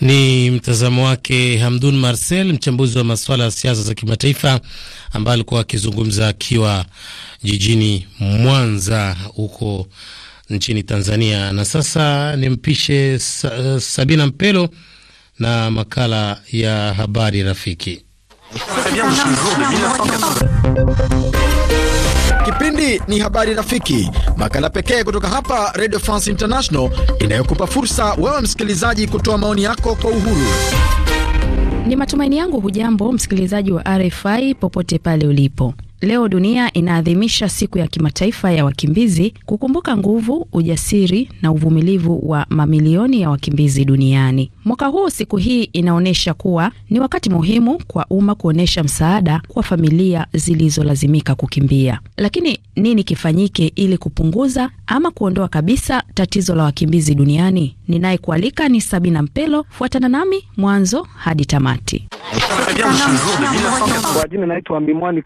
Ni
mtazamo wake Hamdun Marcel, mchambuzi wa masuala ya siasa za kimataifa, ambaye alikuwa akizungumza akiwa jijini Mwanza huko nchini Tanzania. Na sasa nimpishe sa, eh, Sabina Mpelo na makala ya habari rafiki.
Kipindi ni habari rafiki, makala pekee kutoka hapa Radio France International inayokupa fursa wewe msikilizaji kutoa maoni yako kwa uhuru.
Ni matumaini yangu hujambo msikilizaji wa RFI popote pale ulipo. Leo dunia inaadhimisha siku ya kimataifa ya wakimbizi kukumbuka nguvu, ujasiri na uvumilivu wa mamilioni ya wakimbizi duniani. Mwaka huu siku hii inaonyesha kuwa ni wakati muhimu kwa umma kuonyesha msaada kwa familia zilizolazimika kukimbia. Lakini nini kifanyike ili kupunguza ama kuondoa kabisa tatizo la wakimbizi duniani? Ninayekualika ni Sabina Mpelo, fuatana nami mwanzo hadi tamati.
Kwa jina naitwa Mimwani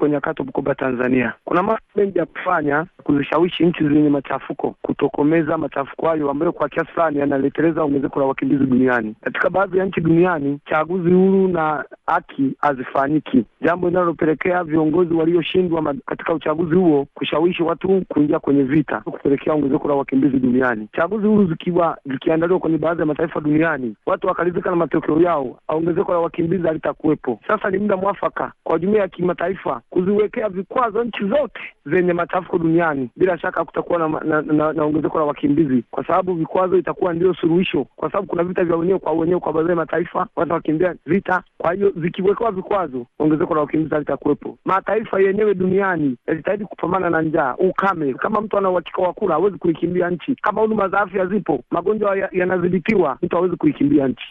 kwenye Nyakato, Bukoba, Tanzania. Kuna mambo mengi ya kufanya kuzishawishi nchi zenye machafuko kutokomeza machafuko hayo ambayo kwa kiasi fulani yanaleteleza ongezeko la wakimbizi duniani. Katika baadhi ya nchi duniani, chaguzi huru na haki hazifanyiki, jambo linalopelekea viongozi walioshindwa katika uchaguzi huo kushawishi watu kuingia kwenye vita, kupelekea ongezeko la wakimbizi duniani. Chaguzi huru zikiwa zikiandaliwa kwenye baadhi ya mataifa duniani, watu wakaridhika na matokeo yao, ongezeko la wakimbizi halitakuwepo. Sasa ni muda mwafaka kwa jumuiya ya kimataifa kuziwekea vikwazo nchi zote zenye machafuko duniani, bila shaka kutakuwa na, na, na, na ongezeko la wakimbizi, kwa sababu vikwazo itakuwa ndio suluhisho, kwa sababu kuna vita vya wenyewe kwa wenyewe kwa baadhi ya mataifa, watu wakimbia vita. Kwa hiyo zikiwekewa vikwazo, ongezeko la wakimbizi halitakuwepo. Mataifa yenyewe duniani yajitahidi kupambana na njaa, ukame. Kama mtu ana uhakika wa kula, hawezi kuikimbia nchi. Kama huduma za afya zipo, magonjwa yanadhibitiwa, mtu hawezi kuikimbia nchi.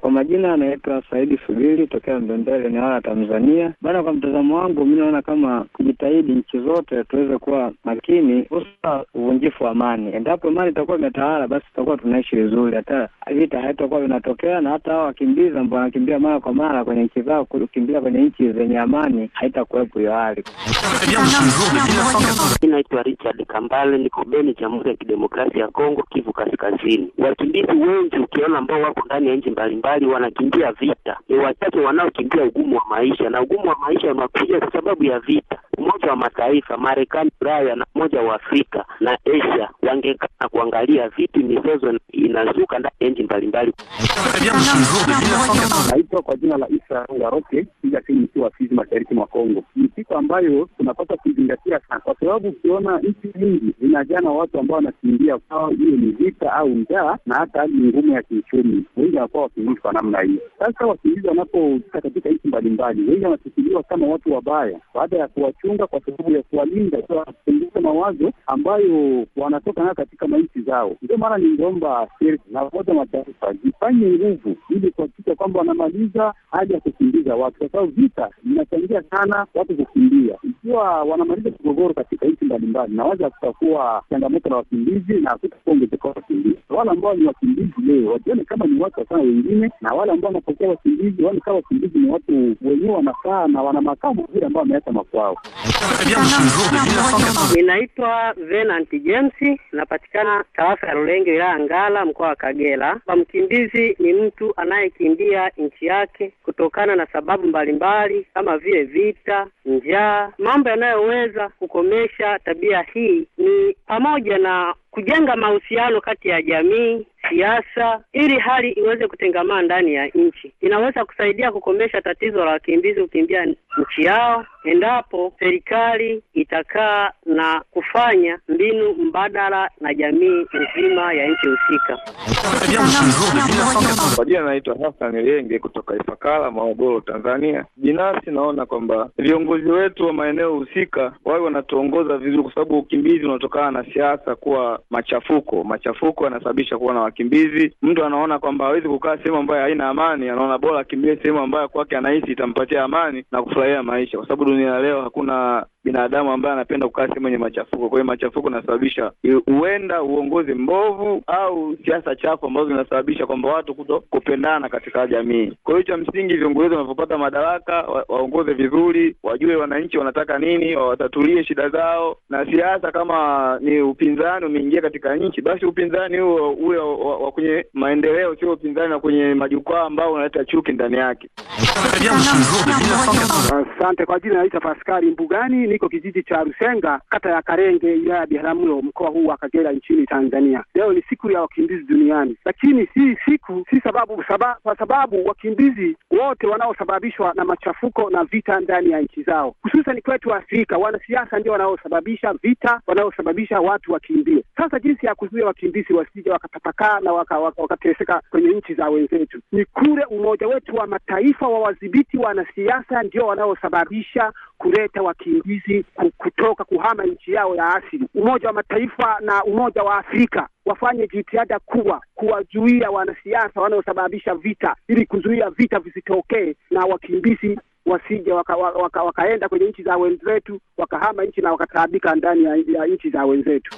Kwa majina anaitwa Saidi Subiri tokea ni wala Tanzania. Tanzania bana. Kwa mtazamo wangu mi naona kama kujitahidi nchi zote tuweze kuwa makini, hususa uvunjifu wa amani. Endapo amani itakuwa imetawala, basi tutakuwa tunaishi vizuri, hata vita haitakuwa vinatokea, na hata hao wakimbizi ambao wanakimbia mara kwa mara kwenye nchi zao, kukimbia kwenye nchi zenye amani, haitakuwepo hiyo hali. Naitwa Richard Kambale, niko Beni, Jamhuri ya Kidemokrasia ya Kongo, Kivu Kaskazini. Wakimbizi wengi
ukiona ambao wako ndani ya nchi mbalimbali wanakimbia vita, ni wachache wanaokimbia ugumu wa maisha maisha, na ugumu wa maisha umekuja kwa sababu ya vita. Umoja wa Mataifa, Marekani, Ulaya na Umoja wa Afrika na Asia wangekaa na kuangalia vipi mizozo inazuka ndani ya nchi
mbalimbali. Naitwa kwa jina la Isa Ngaroke, piga simu Fizi, mashariki mwa Kongo. Ni siku ambayo tunapaswa kuzingatia sana, kwa sababu ukiona nchi nyingi zinajaa na watu ambao wanakimbia kwao, hiyo ni vita au njaa na hata hali ngumu ya
kiuchumi,
wengi wanakuwa wakimbizi kwa namna hiyo. Sasa wakimbizi wanapofika katika nchi mbalimbali wengi wanachukuliwa kama watu wabaya, baada ya kuwachunga kwa sababu ya kuwalinda, wanapunguza mawazo ambayo wanatoka nayo katika manchi zao. Ndio maana ningeomba ser na Umoja Mataifa zifanye nguvu ili kuhakikisha kwamba wanamaliza hali ya kukimbiza watu, kwa sababu vita vinachangia sana watu kukimbia. Ikiwa wanamaliza migogoro katika nchi mbalimbali, nawaza kutakuwa changamoto la wakimbizi na kutakuwa ongezeko la wakimbizi. Wale ambao ni wakimbizi leo wajione kama ni watu wasana wengine, na wale ambao wanapokea wakimbizi waone kama wakimbizi ni watu wenyewe wanakaa na wana makamu vile ambao wameweka makwao. Ninaitwa Venant James, napatikana tarafa ya Rulenge, wilaya Ngala, mkoa wa Kagera. Kwa mkimbizi ni mtu anayekimbia nchi yake kutokana na sababu mbalimbali mbali, kama vile vita
njaa.
Mambo yanayoweza kukomesha tabia hii ni pamoja na kujenga mahusiano kati ya jamii, siasa, ili hali iweze kutengamaa ndani ya nchi. Inaweza kusaidia kukomesha tatizo la wakimbizi kukimbia nchi yao endapo serikali itakaa na kufanya mbinu mbadala na jamii nzima ya nchi husika. Kwa jina naitwa Hassan Lienge kutoka Ifakara, Morogoro, Tanzania. Binafsi naona kwamba viongozi wetu wa maeneo husika wawe wanatuongoza vizuri, kwa sababu ukimbizi unatokana na siasa kuwa machafuko. Machafuko yanasababisha kuwa na wakimbizi. Mtu anaona kwamba hawezi kukaa sehemu ambayo haina amani, anaona bora akimbie sehemu ambayo kwake anahisi itampatia amani na kufurahia maisha, kwa sababu unidad de vacuna binadamu ambaye anapenda kukaa sehemu yenye machafuko. Kwa hiyo machafuko inasababisha eh, huenda uongozi mbovu au siasa chafu ambazo zinasababisha kwamba watu kuto kupendana katika jamii. Kwa hiyo cha msingi, viongozi wanavyopata madaraka wa, waongoze vizuri, wajue wananchi wanataka nini, wawatatulie shida zao. Na siasa kama ni upinzani umeingia katika nchi, basi upinzani huo uwe wa kwenye maendeleo, sio upinzani wa kwenye majukwaa ambao unaleta chuki ndani yake. Asante. Kwa jina naitwa Paskari Mbugani mimi niko kijiji cha Rusenga, kata ya Karenge, wilaya ya Biharamulo, mkoa huu wa Kagera, nchini Tanzania. Leo ni siku ya wakimbizi duniani, lakini si siku si sababu saba, kwa sababu wakimbizi wote wanaosababishwa na machafuko na vita ndani ya nchi zao, hususan kwetu Afrika, wanasiasa ndio wanaosababisha vita, wanaosababisha watu wakimbie. Sasa jinsi ya kuzuia wakimbizi wasije wakatapakaa na wakateseka waka kwenye nchi za wenzetu ni kule Umoja wetu wa Mataifa wa wadhibiti wanasiasa ndio wanaosababisha kuleta wakimbizi kutoka kuhama nchi yao ya asili. Umoja wa Mataifa na Umoja wa Afrika wafanye jitihada kubwa kuwazuia wanasiasa wanaosababisha vita, ili kuzuia vita visitokee na wakimbizi wasije waka, waka, wakaenda kwenye nchi za wenzetu wakahama nchi na wakataabika ndani ya, ya nchi za wenzetu.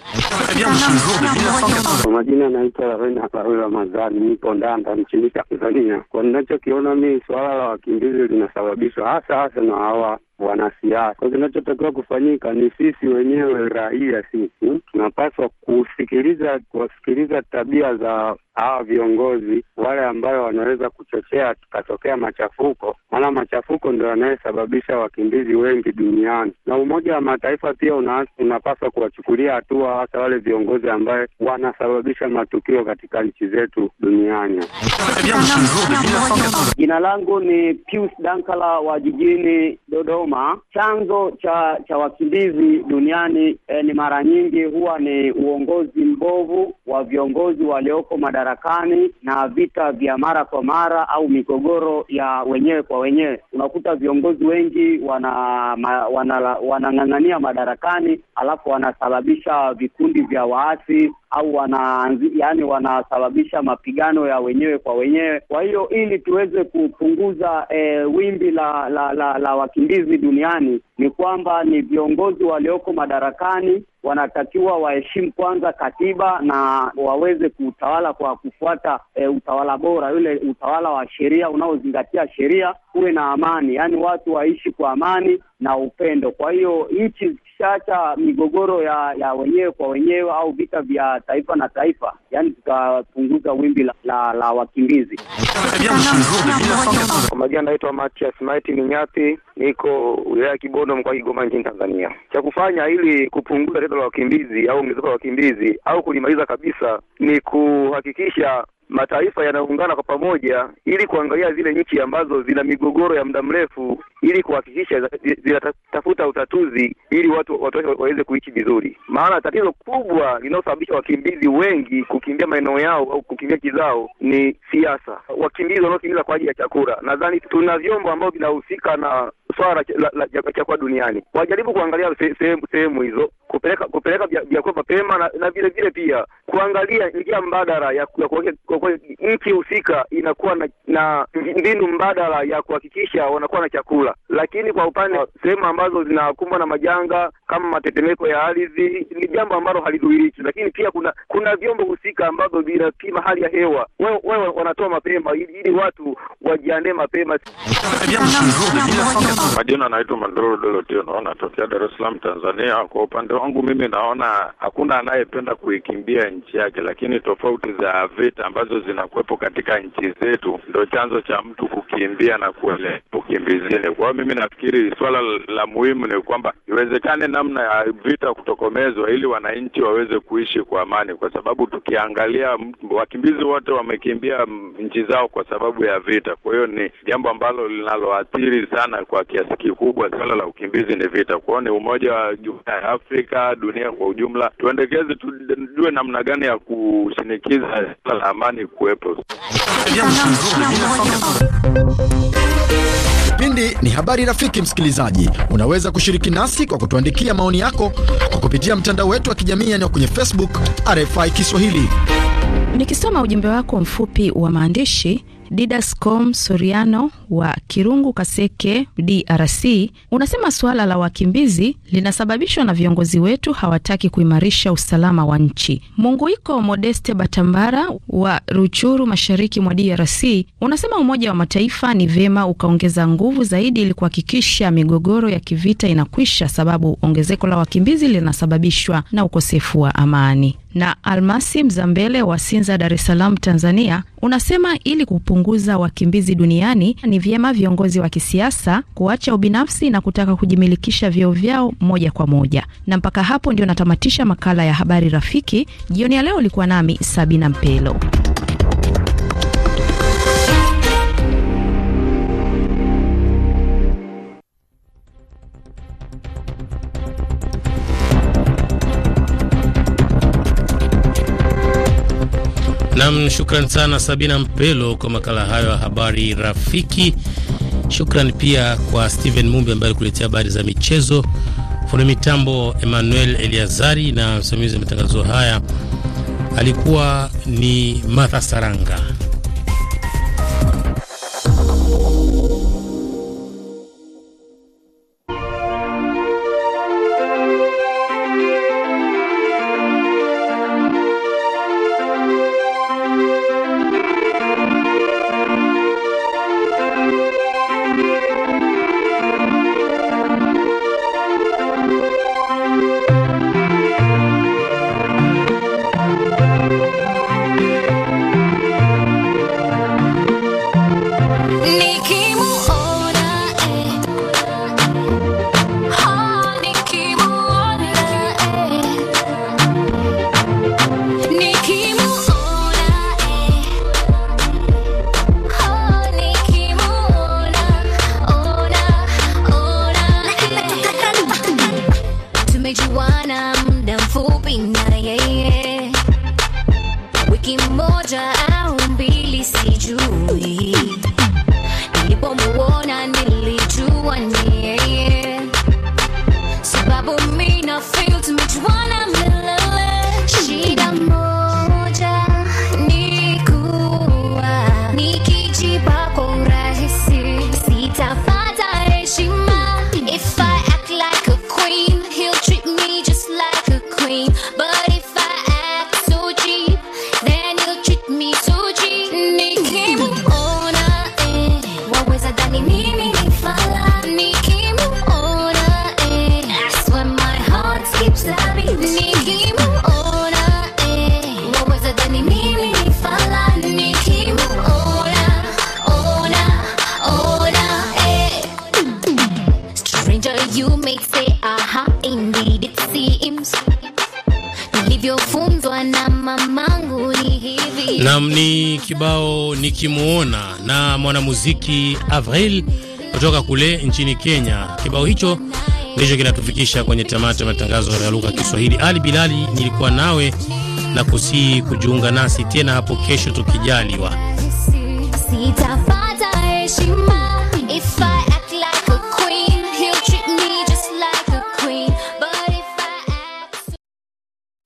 Kwa majina anaitwa Lawena Karula Mazani, nipo Ndanda nchini Tanzania. Kwa ninachokiona mii, suala la wakimbizi linasababishwa hasa hasa na hawa wanasiasa. Kinachotakiwa kufanyika ni sisi wenyewe raia, sisi tunapaswa kusikiliza, kuwasikiliza tabia za hawa viongozi wale ambayo wanaweza kuchochea tukatokea machafuko, maana machafuko ndo yanayesababisha wakimbizi wengi duniani. Na Umoja wa Mataifa pia una, unapaswa kuwachukulia hatua hasa wale viongozi ambaye wanasababisha matukio katika nchi zetu duniani. Jina langu ni Pius Dankala wa jijini Dodoma. Dodoma. Chanzo cha cha wakimbizi duniani eh, ni mara nyingi huwa ni uongozi mbovu wa viongozi walioko madarakani na vita vya mara kwa mara au migogoro ya wenyewe kwa wenyewe. Unakuta viongozi wengi wanang'ang'ania ma, wana, wana madarakani alafu wanasababisha vikundi vya waasi au wana, yani wanasababisha mapigano ya wenyewe kwa wenyewe. Kwa hiyo ili tuweze kupunguza eh, wimbi la, la, la, la wakimbizi duniani ni kwamba ni viongozi walioko madarakani wanatakiwa waheshimu kwanza katiba na waweze kutawala kwa kufuata e, utawala bora, ule utawala wa sheria unaozingatia sheria, kuwe na amani, yaani watu waishi kwa amani na upendo. Kwa hiyo nchi zikishaacha migogoro ya, ya wenyewe kwa wenyewe au vita vya taifa na taifa, yaani tukapunguza wimbi la, la, la wakimbizi. Kwa majina naitwa Matias Maiti Minyapi, niko wilaya ya Kibondo mkoa mkoa Kigoma nchini Tanzania. Cha kufanya ili kupunguza tatizo la wakimbizi au ongezeko la wakimbizi au kulimaliza kabisa ni kuhakikisha mataifa yanaungana kwa pamoja ili kuangalia zile nchi ambazo zina migogoro ya muda mrefu ili kuhakikisha zinatafuta utatuzi ili watu watu waweze kuishi vizuri. Maana tatizo kubwa linalosababisha wakimbizi wengi kukimbia maeneo yao au kukimbia nchi zao ni siasa. Wakimbizi wanaokimbiza kwa ajili ya chakula, nadhani tuna vyombo ambavyo vinahusika na swala la chakula duniani, wajaribu kuangalia sehemu hizo, kupeleka kupeleka vyakula mapema, na vilevile pia kuangalia njia mbadala ya ambapo nchi husika inakuwa na, na mbinu mbadala ya kuhakikisha wanakuwa na chakula, lakini kwa upande wa sehemu ambazo zinakumbwa na majanga kama matetemeko ya ardhi ni jambo ambalo halizuiliki, lakini pia kuna kuna vyombo husika ambavyo vinapima hali ya hewa, wewe wanatoa mapema ili, ili watu wajiandae mapema.
Majina anaitwa Mandoro Dorotheo, naona tokea Dar es Salaam, Tanzania. Kwa upande wangu mimi naona hakuna anayependa kuikimbia nchi yake, lakini tofauti za vita ambazo zinakuwepo katika nchi zetu ndo chanzo cha mtu kukimbia na kuelea ukimbizini. Kwa hiyo mimi nafikiri swala la muhimu ni kwamba iwezekane na namna ya vita kutokomezwa ili wananchi waweze kuishi kwa amani, kwa sababu tukiangalia wakimbizi wote wamekimbia nchi zao kwa sababu ya vita. Kwa hiyo ni jambo ambalo linaloathiri sana kwa kiasi kikubwa, suala la ukimbizi ni vita. Kwa hiyo ni umoja wa jumuiya ya Afrika, dunia kwa ujumla, tuendekeze, tujue namna gani ya kushinikiza suala la amani kuwepo.
Kipindi ni habari rafiki. Msikilizaji, unaweza kushiriki nasi kwa kutuandikia maoni yako kwa kupitia mtandao wetu wa kijamii yani kwenye Facebook RFI Kiswahili.
Nikisoma ujumbe wako mfupi wa maandishi Didascom Soriano wa Kirungu Kaseke, DRC, unasema suala la wakimbizi linasababishwa na viongozi wetu hawataki kuimarisha usalama wa nchi. Munguiko Modeste Batambara wa Ruchuru, mashariki mwa DRC, unasema Umoja wa Mataifa ni vyema ukaongeza nguvu zaidi ili kuhakikisha migogoro ya kivita inakwisha, sababu ongezeko la wakimbizi linasababishwa na ukosefu wa amani. Na Almasi Mzambele wa Sinza, Dar es Salaam, Tanzania, unasema ili kupunguza wakimbizi duniani ni vyema viongozi wa kisiasa kuacha ubinafsi na kutaka kujimilikisha vyeo vyao moja kwa moja. Na mpaka hapo ndio natamatisha makala ya habari rafiki jioni ya leo. Ulikuwa nami Sabina Mpelo.
Nam, shukran sana Sabina Mpelo kwa makala hayo ya habari rafiki. Shukran pia kwa Steven Mumbi ambaye alikuletea habari za michezo. Fundi mitambo Emmanuel Eliazari na msimamizi wa matangazo haya alikuwa ni Martha Saranga. Ukimuona na mwanamuziki Avril kutoka kule nchini Kenya. Kibao hicho ndicho kinatufikisha kwenye tamati ya matangazo ya lugha ya Kiswahili. Ali Bilali nilikuwa nawe na kusii kujiunga nasi tena hapo kesho tukijaliwa.